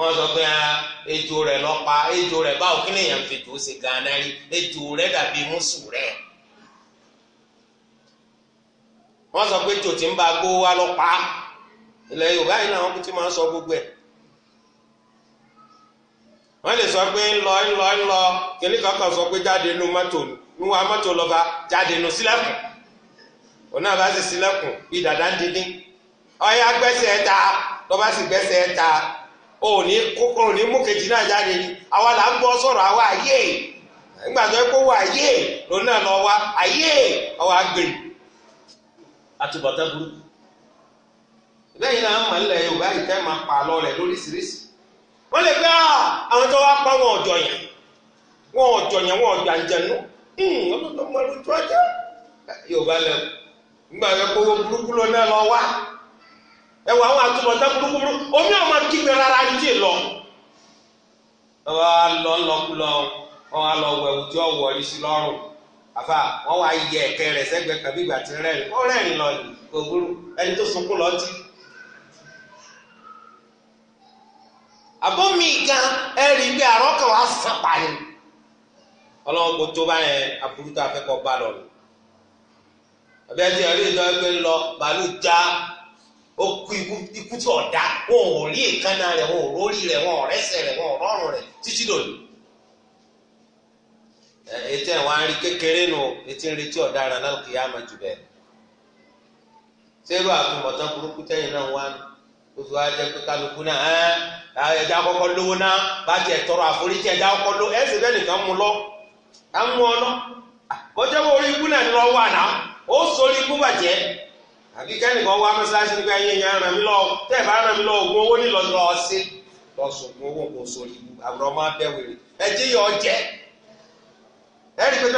wọ́n pé ah, ejò rẹ̀ lọ́pa ejò rẹ̀ báwo kí lè yàn fètò ṣe gánà rí ejò rẹ̀ dàbí mùsù rẹ̀ wọ́n sọ pé ejò ń ba gbó wa lọ́pa ilẹ̀ Yorùbá yìí kú ti máa ń sọ gbogbo ẹ̀ wọ́n lè sọ pé ńlọ ńlọ ńlọ kìnní kankan sọ pé jáde nu mọ́tò nu wa mọ́tò lọ́ba jáde nu sílẹ̀kùn òun náà bá sì sílẹ̀kùn bí dàda ń gbẹ́sẹ̀ ta lọ́ba ta. òní mú kejì náà jáde ni àwa là ń gbọ́ sọ̀rọ̀ àwa ayé nígbà tó yẹ ayé lòun náà lọ wá ayé ọwọ́ àgbè àtúbọ̀tán burúkú lẹ́yìn náà mọ̀ nílẹ̀ Yorùbá yìí fẹ́ máa pa lọ rẹ̀ lóríṣiríṣi wọ́n lè gbé ah, àwọn tó wá pa wọn ọ̀jọ̀ yẹn wọn ọ̀jọ̀ yẹn wọn hmm, ọ̀jọ̀ àjẹnú lójú ọjọ́ Yorùbá burúkú lọ náà lọ ẹwà àwọn àtúbọ̀tán burúkúburú omi ọmọ kígbe rárá ní tí lọ. ọwọ́ lọ wọn alọ yìí sí lọ́rùn àfà wọn wá yẹ ẹ̀kẹ́ rẹ̀ sẹ́gbẹ̀ẹ́ kàbí ìgbà tí rẹ̀ ó lọ ní ẹni tó sunkún lọ tí. àbọ̀mí gan ẹ̀rí bí àrọ́kàn wá sápá ni ọlọ́wọ́n kò tó báyẹn aburú tó afẹ́kọ̀ọ́ bá lọ. ìdánwò ó kú ikú tí ọ̀dá wọn ò rí èékánná rẹ wọn ò rórí rẹ̀ wọn ò rẹ́sẹ̀ wọn ò rọrùn rẹ̀ títí dòní. ètò ẹ̀wọ̀n arí kékeré nu etí ń retí ọ̀daràn náà kì í á jù bẹ́ẹ̀. sẹ́rù àtúmọ̀tán burúkú tẹ́yìn náà wá oṣù pé kálukú náà kọ́kọ́ lówó náà bá tiẹ̀ tọrọ àforíjì kọ́kọ́ àbí kẹ́nìkan wá mọ́ṣáláṣí nípa ẹyẹ yẹn ràn mí lọ́wọ́ tẹ́ ràn mí lọ ogun owó lọ sí owó kò sórí ibu àbúrò ọmọ abẹ́ wèrè yọ jẹ ẹ pé tí fẹ́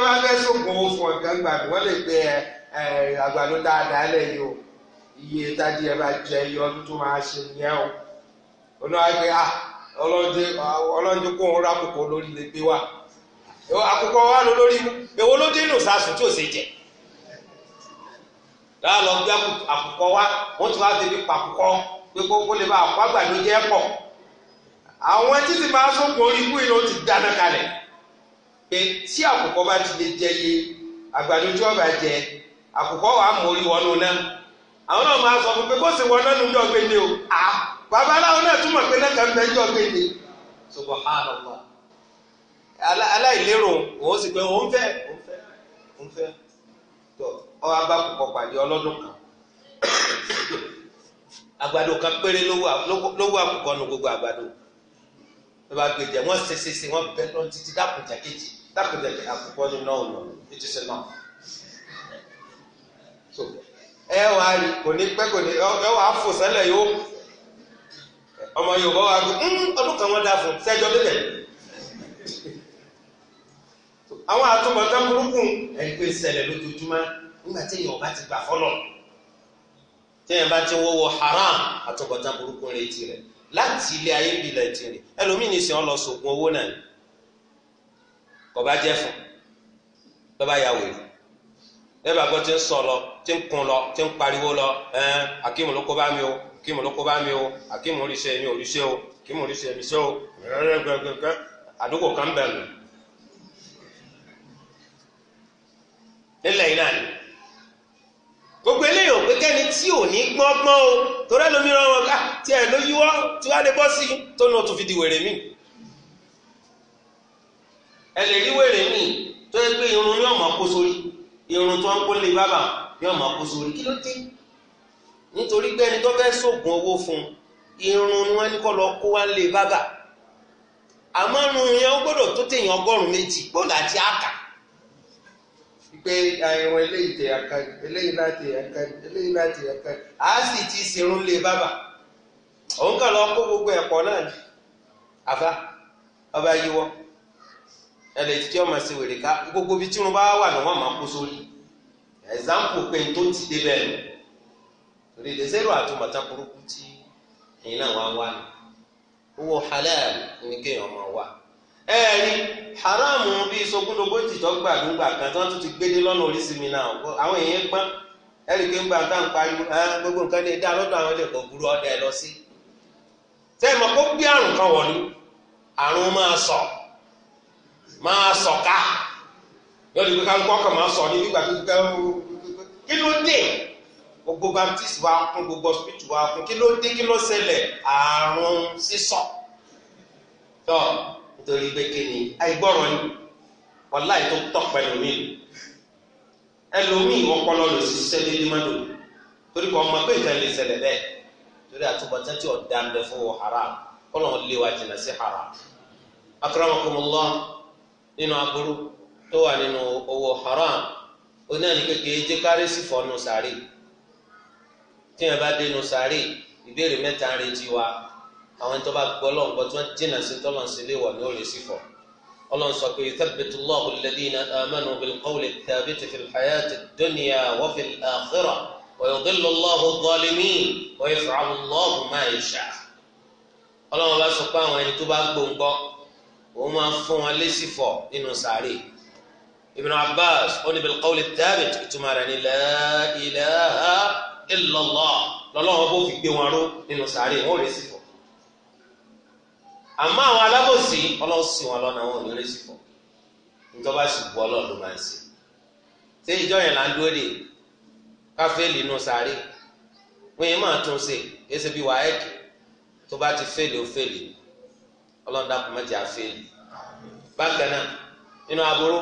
owó fún ọ̀gá wọ́n lè ẹ àgbàdo dáadáa lẹ̀ yìí o iye ẹ bá jẹ iye ọdún tó máa ṣe yẹn o a ah, ọlọ́dún kó ń rákòkò lórí lè gbé wa wa lọ lórí dáa lọ gbé àkùkọ wá wọ́n ti wá débi pàkùkọ pé kókó lè bá àkùkọ àgbàdo jẹ́ pọ̀ àwọn títí máa sókun ikú yìí ló ti dáná kalẹ̀ pé tí àkùkọ bá ti lè jẹ iye àgbàdo tí wọ́n bá jẹ àkùkọ wà á mórí wọnú náà àwọn náà máa sọ fún pé kó sì wọnú náà níjọ́ gbé ní o à babaláwo náà túmọ̀ pé náà kàn bẹ́ẹ̀ níjọ́ gbé ní subhanallah aláìlérò òun sì pé òun fẹ́ òun fẹ́ òun fẹ́ tó. ọwọ́ abákòkò pàdé ọlọ́dún kan àgbàdo kan péré lówó àkùkọ nu gbogbo àgbàdo bàbá gbèjẹ wọn ṣẹṣẹṣẹ wọn bẹ lọ títí dákùnjà kejì dákùnjà kejì àkùkọ ni náà lọ títí sẹ náà so ẹ wà á rí kò ní kò ní ẹ wà á fò yóò ọmọ Yorùbá ọdún kan wọn dà fún sẹjọ àwọn burúkú lójoojúmọ́. nígbà tí èèyàn bá ti gbà fọlọ́ tẹ́yìn bá ti wọ́wọ́ haram àtọkọ̀tà burúkú rẹ̀ ti rẹ̀ láti ilé ayé ìbílẹ̀ ti rẹ̀ ẹlòmíì ní sìn ọ́ lọ sògùn owó náà ni kọ̀ọ̀bá jẹ́ fún bàbá ya wèrè lẹ́bàá gbọ́ tí ń sọ lọ tí ń kun lọ tí ń pariwo lọ ẹ̀ẹ́n akíìmù ló kó bá mi o akíìmù ló kó bá mi o akíìmù oríṣẹ́ mi oríṣẹ́ o akíìmù oríṣẹ́ mi ṣe o ẹ̀ẹ́dẹ́gbẹ̀gbẹ̀ àdúgbò kan bẹ̀rù nílẹ̀ yìí náà ni gbogbo eléyìí ò pé kẹ́ni tí ò ní gbọ́ngbọ́n o torí ẹlòmíràn wọn ká ah, tiẹ̀ ló yíwọ́ tí wàá lè bọ́ sí tó ní o tún fi di wèrè mí. ẹ lè rí wèrè mí tó yẹ pé irun ní ọmọ kó sórí irun tó ń kó lè bábà ní ọmọ kó sórí kí ló dé nítorí pé ẹni tó fẹ́ sóògùn owó fún irun ni wọ́n ní kọ́ lọ kó wá lè bábà àmọ́ irun yẹn ó gbọ́dọ̀ tó téèyàn ọgọ́rùn-ún méjì gbọ́dọ̀ àti àkà pé àìrùn eléyìí tẹ̀yà kan eléyìí kan eléyìí kan á sì ti ṣerun lé bàbà òun kàn lọ kó gbogbo ẹ̀kọ́ náà ni àfa ọba yíwọ́ ẹlẹ́ tí ọmọ ṣe wèrè ká gbogbo ibi tí wà máa kó sórí pé n ti dé lọ torí burúkú tí náà wá wá halal ní kéèyàn ẹ̀rí haramu bíi sogúndogójì tó gbàdúgbà kan tí wọ́n tún ti gbédé lọ́nà oríṣi mi náà àwọn èèyàn gbọ́n ẹ̀rí pé ń gba nǹkan pariwo ẹ̀ gbogbo nǹkan lè dá lọ́dọ̀ àwọn ilé ẹ̀kọ́ burú ọ̀dẹ lọ sí. sẹ́yìn mọ̀ kó gbé àrùn kan wọ̀lú àrùn máa sọ máa sọ ká lọ́dún pé kálukọ́ kan máa sọ ní nígbà tó gbẹ́ kí ló dé gbogbo baptist wa kún gbogbo hospital wa kún kí ló dé kí ló ṣẹlẹ̀ àrùn sísọ torí pé kí ni àìgbọ́ràn ni wàhálà ètò tọ̀pẹ̀ lómi ẹlòmíì ọpọlọ lò sí ṣiṣẹ́ déédéé má lò torí kò ọmọ pé ìtàn lè ṣẹlẹ̀ bẹ́ẹ̀ torí àtúbọ̀tán tí ọ̀dà ń bẹ fún wọn haram kọ́lọ́n lé wa jìnnà sí haram akramakumullah nínú aburú tó wà nínú owó haram oní kékeré jẹ́ kárí sí fọ́nù sàárè tí wọn bá dénú sàárè ìbéèrè mẹ́ta ń retí wa àwọn ẹni tó bá gbọ́ lọ́wọ́ nǹkan tí wọ́n jìnnà sí tọ́lọ̀ sí léwọ̀ ní òòlù sí fọ̀ ọlọ́run sọ pé yuthabbitu Allahu alladhina amanu bilqawli thabiti fil hayati dunya wa fil akhirah wa yudhillu Allahu adh-dhalimin wa yaf'alu Allahu ma yasha. ọlọ́run bá sọ pé àwọn ẹni tó bá gbòǹgbọ́ òun máa fún wọn lésì fọ̀ nínú sàárè Ibn Abbas ó ní bilqawli thabit ìtumọ̀ rẹ̀ ní la ilaha illallah lọ́lọ́run àmọ́ àwọn alábòsí ọlọ́run sì wọn lọ́nà wọn ò ní rẹ́sì fún sì bu ọlọ́run ló máa ń ṣe ṣé ìjọ yẹn là ń dúró dè káfíìlì inú sáré wọn yẹn máa tún ṣe tó bá ti fèlè ó fèlè ọlọ́run nínú aburú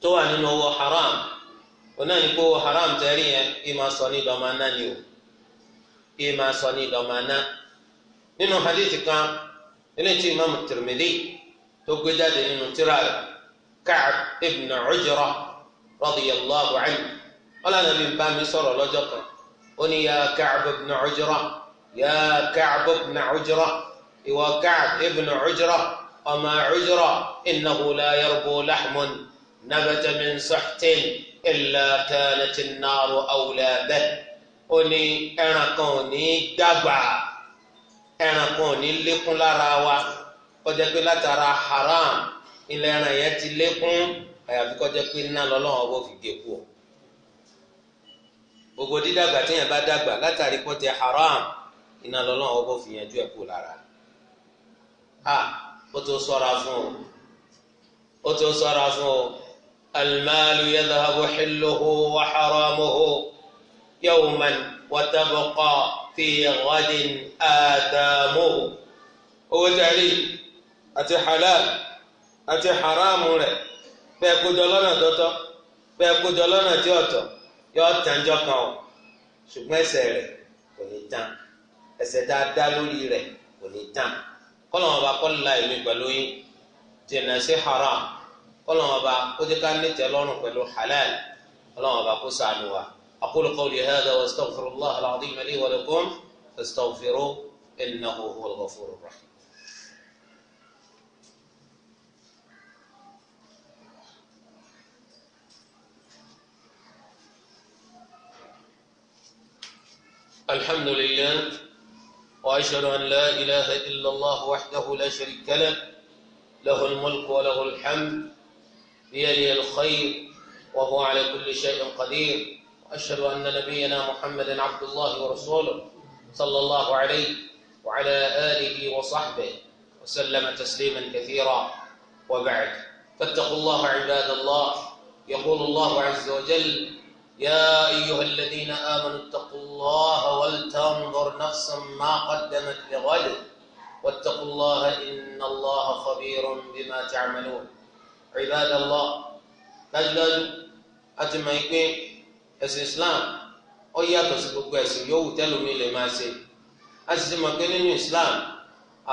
tó wà nínú owó haram onáà ní kó haram tẹ́rí yẹn kí máa sọ ní ni o kí máa sọ ní nínú hadith kan eléyìí tí imaamu Tirmidhi tó gbé jáde nínú tírà rẹ̀ Ka'b ibn Ujra radiyallahu anhu wọ́n lànà bí bá mi sọ̀rọ̀ lọ́jọ́ kan ó ní ya Ka'b ibn Ujra ya Ka'b ibn Ujra ìwọ Ka'b ibn Ujra ọmọ Ujra innahu la yarbu lahmun nabata min suhtin illa kanat an-naru ó ní ẹran kan ní dàgbà. ẹran kan ò ní lékún lára wa kọjá pé látara haram ilẹ̀ ẹran yẹn ti lékún àyàfi kọjá pé iná fi gé kú o gbogbo dídàgbà téèyàn bá dàgbà látàrí haram iná lọ́lọ́wọ́ fi yanjú ẹ̀ kú lára a ó tó sọ́ra fún o ó tó sọ́ra fún o almaalu yadhabu hilluhu wa haramuhu yawman wa tabqa. في غد آدامه owó tí a rí àti halal àti haram rẹ̀ bẹ́ẹ̀ kójọ lọ́nà tọ́tọ́ bẹ́ẹ̀ kójọ lọ́nà tí ọ̀tọ̀ yọ tàǹjọ́ kan o ṣùgbọ́n ẹsẹ̀ rẹ̀ kò ní tán ẹsẹ̀ dáadáa lórí rẹ̀ kò ní tán kọ́lọ́mọ bá kọ́ la èmi pẹ̀lú yín jìnnà sí haram kọ́lọ́mọ bá kó jẹ́ ká ní tẹ́lọ́rùn pẹ̀lú halal kọ́lọ́mọ bá kó ṣàánú wa. أقول قولي هذا وأستغفر الله العظيم لي ولكم فاستغفروه إنه هو الغفور الرحيم الحمد لله وأشهد أن لا إله إلا الله وحده لا شريك له له الملك وله الحمد بيده الخير وهو على كل شيء قدير أشهد أن نبينا محمدا عبد الله ورسوله صلى الله عليه وعلى آله وصحبه وسلم تسليما كثيرا وبعد فاتقوا الله عباد الله يقول الله عز وجل يا أيها الذين آمنوا اتقوا الله ولتنظر نفسا ما قدمت لغد واتقوا الله إن الله خبير بما تعملون عباد الله dájúdájú a ti ẹ̀sìn islam ó yàtọ̀ sí gbogbo ẹ̀sìn yòówù tẹ́lómi lè máa ṣe a sì ti mọ̀ pé nínú islam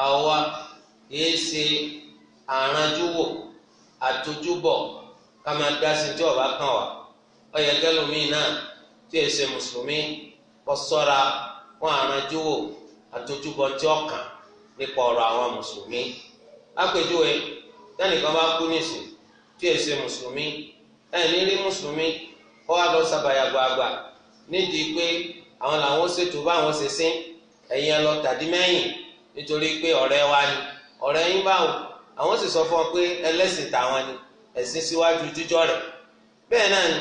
àwa yéé ṣe àrànjúwò àtòjúbọ̀ ká máa dá sí tí ọba kan wà ó yẹ tẹ́lómi náà tí ẹ ṣe mùsùlùmí kó ṣọ́ra fún àrànjúwò àtòjúbọ̀ tí ọkàn nípa ọ̀rọ̀ àwọn mùsùlùmí lápèjúwe tẹ́nìkan bá kú nísìn tí ẹ ṣe mùsùlùmí ẹ̀ ní rí mùsùlùmí ó wá lọ sàbàyà gbàgbà nídìí pé àwọn làwọn ṣètò báwọn ṣe sín ẹ̀yin ẹ lọ tàdí nítorí pé ọ̀rẹ́ wa ni ọ̀rẹ́ yín báwo àwọn sì sọ fún ọ pé ẹlẹ́sìn tàwọn ni ẹ̀sìn síwájú jíjọ́ rẹ̀ bẹ́ẹ̀ náà ni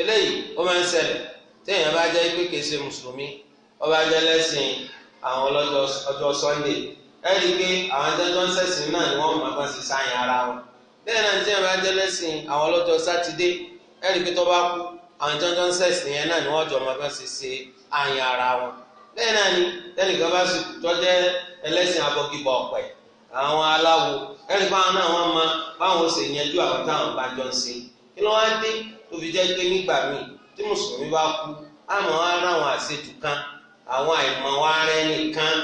eléyìí ó máa ń ṣẹlẹ̀ téèyàn bá jẹ́ pé kìí ṣe mùsùlùmí ó bá jẹ́ lẹ́sìn àwọn ọlọ́jọ́ Sunday ẹ rí i pé àwọn adájọ́ ń ṣẹ̀sìn náà ni wọ́n máa bá ṣe sáyìn ara wọn bẹ́ẹ̀ náà téèyàn bá jẹ́ lẹ́sìn àwọn ọlọ́jọ́ sátidé ẹ̀rí pé tó bá kú àwọn jọjọ ń sẹ̀sìn náà ni wọ́n jọ ọmọ bá ṣe ṣe ara wọn lẹ́yìn náà ni tẹ́nìkan bá sì tọ́jẹ́ ẹlẹ́sìn abọ́gibọ̀ ọ̀pẹ̀ àwọn aláwo ẹ̀rí báwọn náà wọ́n mọ báwọn ó sì yanjú àwọn táwọn bá jọ ń ṣe kí ló wá dé tó fi jẹ́ pé nígbà míì tí mùsùlùmí bá kú àmọ́ wá ráwọn àṣejù kan àwọn àìmọ̀ wá rẹ́ nìkan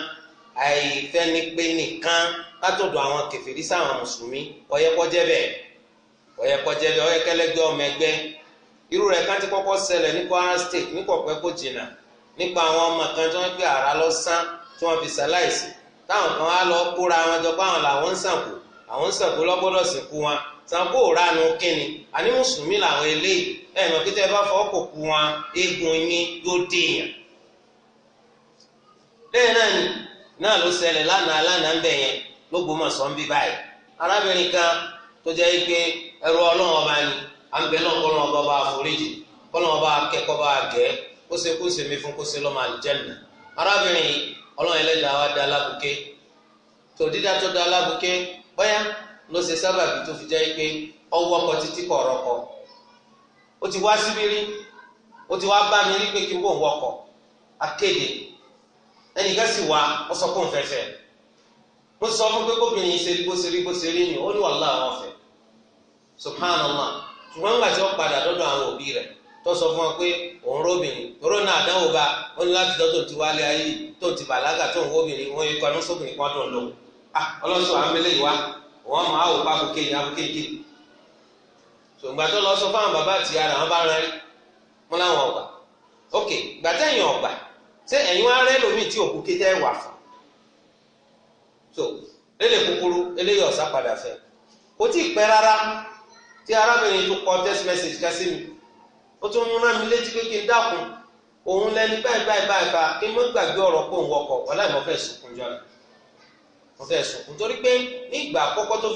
àìfẹ́nipé nìkan látọ̀dọ̀ àwọn kèfèrí sáwọn mùsùlùmí ọ̀yẹ́kọ́jẹ́ bẹ́ẹ̀ ọyẹ kọjẹlẹ ọyẹ kẹlẹgbẹ ọmọ ẹgbẹ́ irú rẹ̀ kan ti kọ́kọ́ ṣẹlẹ̀ ní Kwara State ní kọpẹ kò jìnnà nípa àwọn ọmọ kan tí gbé ara lọ sán tí wọ́n fi ṣaláìsí táwọn kan á lọ kóra wọn jọ báwọn làwọn ń àwọn ń sìnkú wọn kínni àní mùsùlùmí làwọn eléyìí kí bá wọn eégún yín yóò bẹ́ẹ̀ náà ni náà ló lánàá ẹrú ọlọ́run ọba ni à ń bẹ náà kọ́ lọ́wọ́ bá foríjì kọ́ lọ́wọ́ bá kẹ́kọ́ bá gẹ́ kó ṣe kó fún lọ́mọ arábìnrin wa da alábùké tó dídá tó da alábùké bóyá ló ṣe sábàbí tó fi jẹ́ pé ọwọ́ kọ títí kọ̀ ọ̀rọ̀ kọ ti wá ti wá bá mi rí pé kí n wọkọ̀ akéde ẹnìkan sì wá sọ fẹ́fẹ́ mo sọ fún pé subhanallah ṣùgbọ́n gbàtí ó padà dọ́dọ̀ àwọn òbí rẹ̀ tó fún ọ pé òun róbìnrin tóró bá ó ní láti dọ́tò ti wálé ayé tó ti bàlágà tó ń wóbìnrin wọn kan dùn lóhùn ah ọlọ́sùn àmìlẹ̀ ìwá mọ ṣùgbọ́n tó bàbá àti ara wọn bá ok ọgbà ṣé ẹ̀yin wá rẹ́ lómi tí òkú wà fún so eléyìí kúkúrú eléyìí ọ̀sá padà fẹ́ kò tí arábìnrin tó kọ text message ká mi ó tún múná mi létí pé kí n dákun òun lẹni báyìí báyìí báyìí kí n mọ gbàgbé fẹ́ tó fi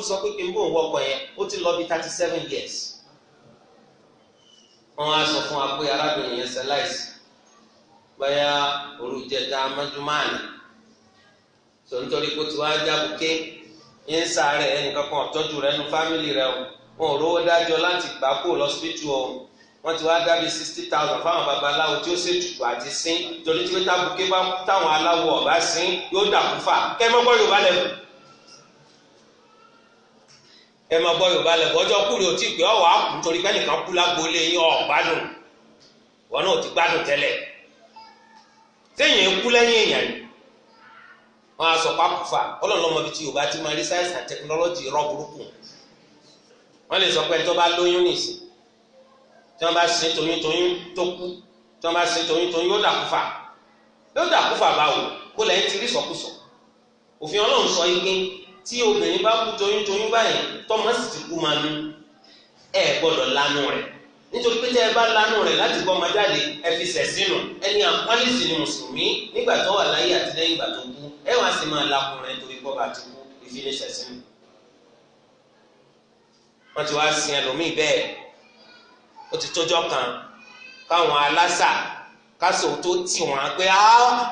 sọ ti lọ bí thirty seven years wọn á sọ fún wa pé arábìnrin yẹn ṣe láìsí báyà olùjẹta mọ́júmáàlì sọ nítorí pé tí wàá jábùké yẹn sáré ẹnìkan wọn ò rówó dájọ láti gbà kó lọ́sibítù o wọ́n ti wá dábìí sixty thousand fáwọn babaláwo tí ó ṣètùtù àti sín torí tí pété abuké bá táwọn aláwọ ọba sín yóò dàkú fà kẹ́ ẹ mọ́ yorùbá ẹ yorùbá kúrò ì torí kú yín gbádùn wọn náà ti gbádùn téèyàn kú wọ́n lè sọ pé ẹni tó bá lóyún nìsín tí wọ́n bá ṣe toyúntoyún tó kú tí wọ́n bá ṣe toyúntoyún yóò dàkúfà yóò dàkúfà báwo kó lẹ́yìn ti rí sọkúsọ òfin ọlọ́run sọ ike tí obìnrin bá kú toyúntoyún báyìí tọ́mọ sì ti kú máa nú ẹ gbọ́dọ̀ lanu rẹ̀ nítorí pé tẹ́ ẹ bá lanu rẹ̀ láti gbọ́ ọmọ ẹ fi sẹ̀ ẹni àpálísì ni mùsùlùmí nígbà tó wà láyé àtìlẹ́yìn ìgbà tó kú ẹ wá sì máa lakùnrin torí gbọ́ bá ti kú ìfi lè sẹ̀ wọ́n ti wá sin ẹlòmíì bẹ́ẹ̀ ó ti tójọ́ kan káwọn aláṣà kásò tó tì wọ́n pé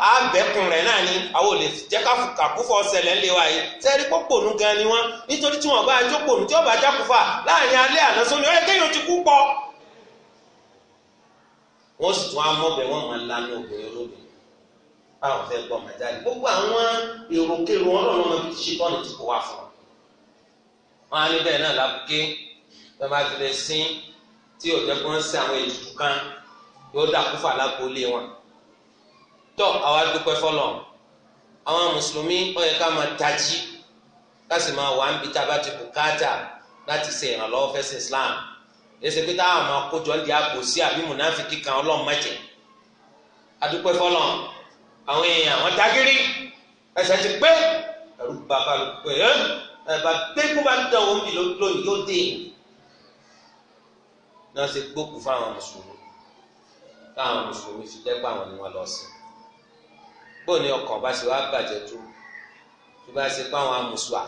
á bẹ́kùn rẹ̀ náà ni àwọn ò lè jẹ́ kàkúfọ̀ ṣẹlẹ̀ ńlẹ̀ wa yìí sẹ́rí pọ́pọ̀nù gan ni wọ́n nítorí tí wọ́n bá jókòónù tí wọ́n bá jákùfà láàrin alẹ́ àná sóni ó yẹ kéèyàn ti kú pọ̀ wọ́n sì tún amọ́bẹ̀ wọ́n máa lanu obìnrin olóbìnrin báwọn fẹ́ gbọ́ màjáde gbogbo àwọn èròkèrò ọlọ́run ọmọ bíi ṣe tọ́ni ti kó wá fún ọ wọn á ní bẹ́ẹ̀ náà lábùké bẹ́ẹ̀ máa fi lè sin tí òjò kí wọ́n sin àwọn ètùtù kan yóò dàkú fà lágbólé wọn. tọ́ àwa dúpẹ́ fọlọ́ àwọn mùsùlùmí ó yẹ ká máa tají ká sì máa wà ń bi tábà ti bùkátà láti ṣe ìrànlọ́wọ́ fẹ́sẹ̀ Islam èsì pé táwọn àmọ́ àkójọ ń di àpò sí àbí mùnáfíkì kan ọlọ́run mẹ́jẹ̀ adúpẹ́ fọlọ́ àwọn èèyàn àwọn dágírí ẹsẹ̀ ti pé ẹ̀rú bàbá ló pé ẹ́ ẹ̀bà pé kó bá ń dán òun bì lónìí yóò dé náà ṣe gbókù fáwọn mùsùlùmí táwọn mùsùlùmí fi dẹ́pọ̀ àwọn ni wọ́n lọ sí bóun ni ọkàn bá ṣe wá bàjẹ́ tó tó bá ṣe pé àwọn amùsùà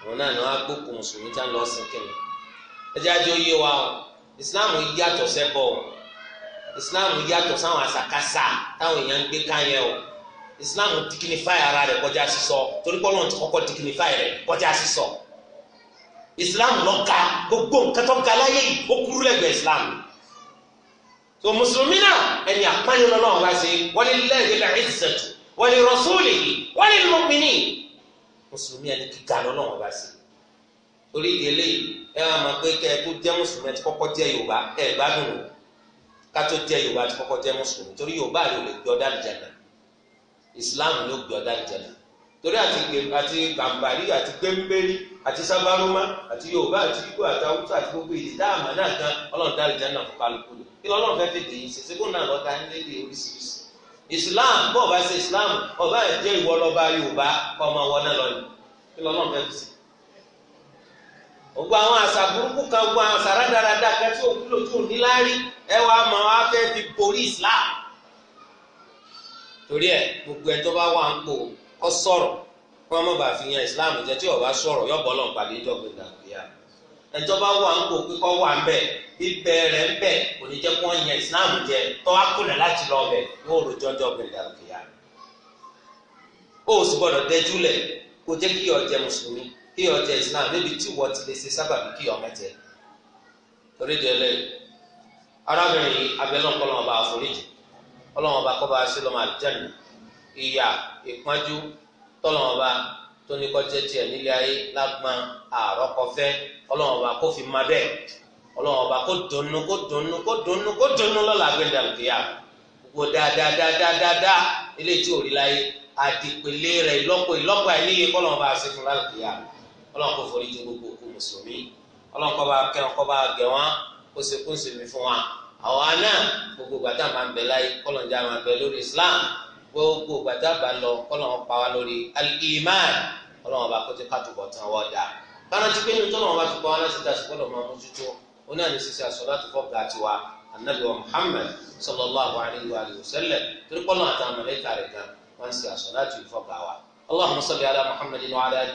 àwọn náà ni wọ́n á gbókù mùsùlùmí tá ń lọ sí kẹ́mi ẹjẹ́ ajé ó yé wa o ìsìláàmù yàtọ̀ sẹ́bọ̀ o ìsìláàmù yàtọ̀ sáwọn àṣàkáṣà táwọn èèyàn ń gbé káyẹ̀ o islam dignify ara rẹ̀ kọjá sísọ torí pé ọlọ́run ti kọ́kọ́ dignify rẹ̀ kọjá sísọ islam ló ga gbogbo nǹkan tó ga láyé yìí ó kúrú lẹ́gbẹ̀ẹ́ islam so mùsùlùmí náà ẹni àpáyé lọ́nà wá sí walillahi al-izzatu wa li rasulihi wa lil mu'minin mùsùlùmí ẹni gíga lọ́nà wá sí orí ìdílé yìí ẹ wá máa pé kẹ ẹ tó jẹ́ mùsùlùmí ẹ ti kọ́kọ́ jẹ́ yorùbá ẹ gbádùn ká tó jẹ́ yorùbá ti kọ́kọ́ jẹ́ mùsùlùmí torí yorùbá rẹ lè gbé ọdá islam ló gbé ọ̀dà ìjẹ̀lá torí àti àti gàmbàrí àti gbẹ́mbẹ́rí àti sábàrúmá àti yorùbá àti igbó àti haúsá àti gbogbo èdè dáàmà náà gan ọlọ́run dá ìjẹ̀lá fún kálukú lò kí lọ́lọ́run fẹ́ fèdè yìí ṣèṣe kó náà lọ́ta nílé oríṣiríṣi islam bó ọba ṣe islam ọba jẹ́ ìwọ lọ́ba yorùbá kọ́ ọmọ wọn náà lọ́yìn kí lọ́lọ́run fẹ́ fèsì gbogbo àwọn àṣà burúkú kan gbogbo àwọn àṣà rádaràda kan tí òkúlò tó níláárí ẹ wàá mọ wàá fẹ́ fi borí islam torí ẹ gbogbo ẹ tó bá wà ń pò kó sọ̀rọ̀ kó má bàa fi yan islam jẹ tí ó bá sọ̀rọ̀ yọ bọlọ pàdé ìjọ gbẹgbẹ àgbéyà ẹ tó bá wà ń pò kíkọ wà ń bẹ bíbẹ rẹ ń bẹ kò ní jẹ kó yan islam jẹ tó wá kùnà láti lọ bẹ yóò rò jọjọ gbẹgbẹ àgbéyà ó sì gbọ́dọ̀ dẹjú lẹ kó jẹ kí ó mùsùlùmí kí ó islam níbi tí wọ́n ti lè ṣe sábàbí kí ó mẹ́jẹ torí di ẹlẹ́yìn arábìnrin abẹ́lẹ́ ọ̀pọ̀lọpọ̀ àforíjì ọlọ́run ọba kọ́ bá a sí lọ́mọ àlùjáde ìyà ìpọ́njú tọ́lọ́run ọba tó ní kọjá tiẹ̀ nílé ayé lágbọ́n àrọ́kọfẹ́ ọlọ́run ọba kó fi má bẹ́ẹ̀ ọlọ́run ọba kó dùnnú kó dùnnú kó dùnnú kó dùnnú lọ́la gbẹ̀dẹ̀ àlùkìyà gbogbo dáadáadáadáa ilé tí ò rí láyé àdìpèlé rẹ̀ ìlọ́pọ̀ ìlọ́pọ̀ àìníye kọ́lọ́run ọba ṣe fún lálùkìyà ọlọ́run kó forí ju gbogbo òkú mùsùlùmí àwa náà gbogbo gbàtà máa ń bẹ láyé kọlọ̀njà máa bẹ lórí islam gbogbo gbàtà bá lọ kọlọ̀n pa wá lórí al-iman kọlọ̀n bá kó ti ká tùbọ̀ tán wọ́n dà kárántí pé ní tọ́lọ̀ wọn bá fi pa wá láti dà sí kọlọ̀ máa mójútó oní àná sísè àsọdá tó fọ́ tiwa anabi muhammed sallallahu alayhi wa sallam torí kọlọ̀n àtàwọn mọ̀lẹ́kà rẹ̀ gan wọ́n ń ṣe àsọdá tó fọ́ wa allahumma salli muhammadin wa ala ali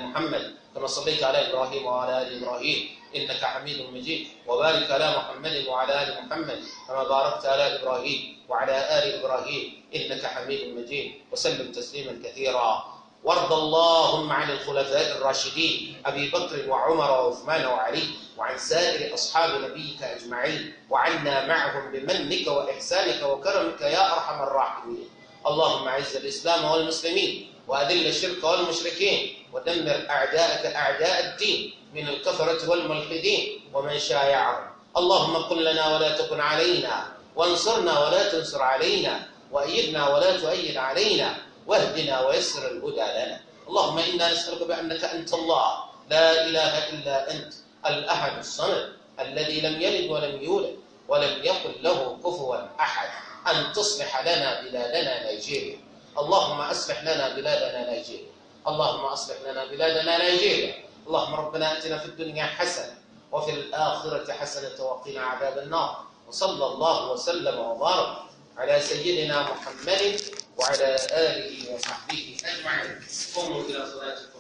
كما صليت على إبراهيم وعلى آل إبراهيم إنك حميد مجيد وبارك على محمد وعلى آل محمد كما باركت على إبراهيم وعلى آل إبراهيم إنك حميد مجيد وسلم تسليما كثيرا وارض اللهم عن الخلفاء الراشدين أبي بكر وعمر وعثمان وعلي وعن سائر أصحاب نبيك أجمعين وعنا معهم بمنك وإحسانك وكرمك يا أرحم الراحمين اللهم اعز الإسلام والمسلمين وأذل الشرك والمشركين ودمر أعداءك أعداء الدين من الكفرة والملحدين ومن شايعهم اللهم كن لنا ولا تكن علينا وانصرنا ولا تنصر علينا وأيدنا ولا تؤيد علينا واهدنا ويسر الهدى لنا اللهم إنا نسألك بأنك أنت الله لا إله إلا أنت الأحد الصمد الذي لم يلد ولم يولد ولم يكن له كفوا أحد أن تصلح لنا بلادنا نيجيريا اللهم أصلح لنا بلادنا نيجيريا اللهم أصلح لنا بلادنا نيجيريا اللهم ربنا أتنا في الدنيا حسنة وفي الآخرة حسنة وقنا عذاب النار وصلى الله وسلم وبارك على سيدنا محمد وعلى آله وصحبه أجمعين قوموا إلى صلاتكم